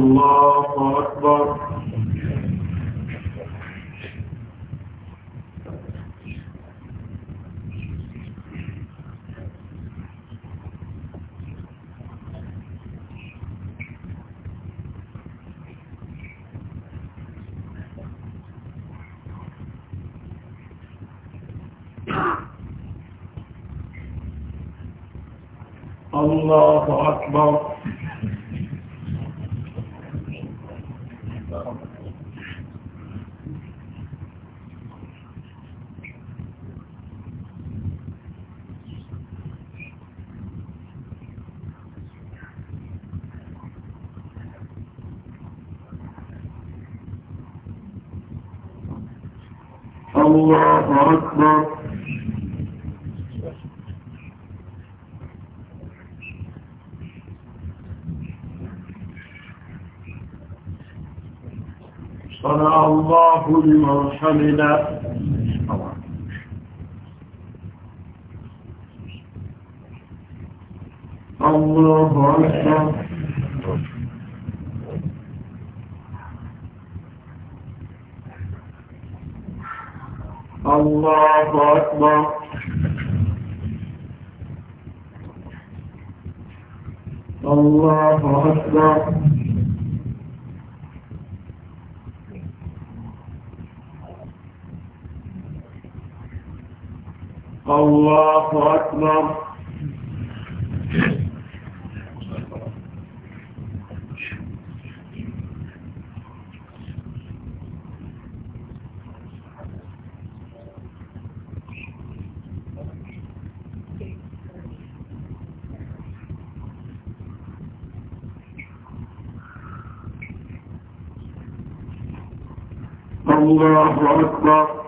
الله أكبر كل من حمل الله أكبر الله أكبر الله أكبر الله أكبر الله أكبر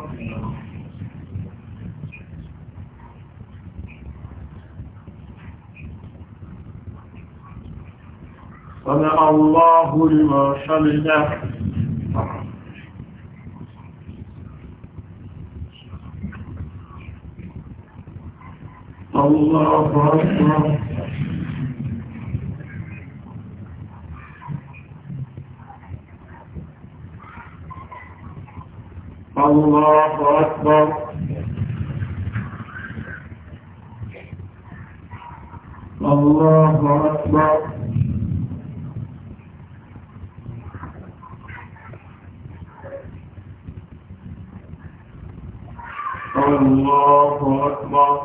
له لمن حمده الله أكبر الله أكبر الله أكبر الله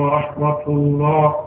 عليكم ورحمة الله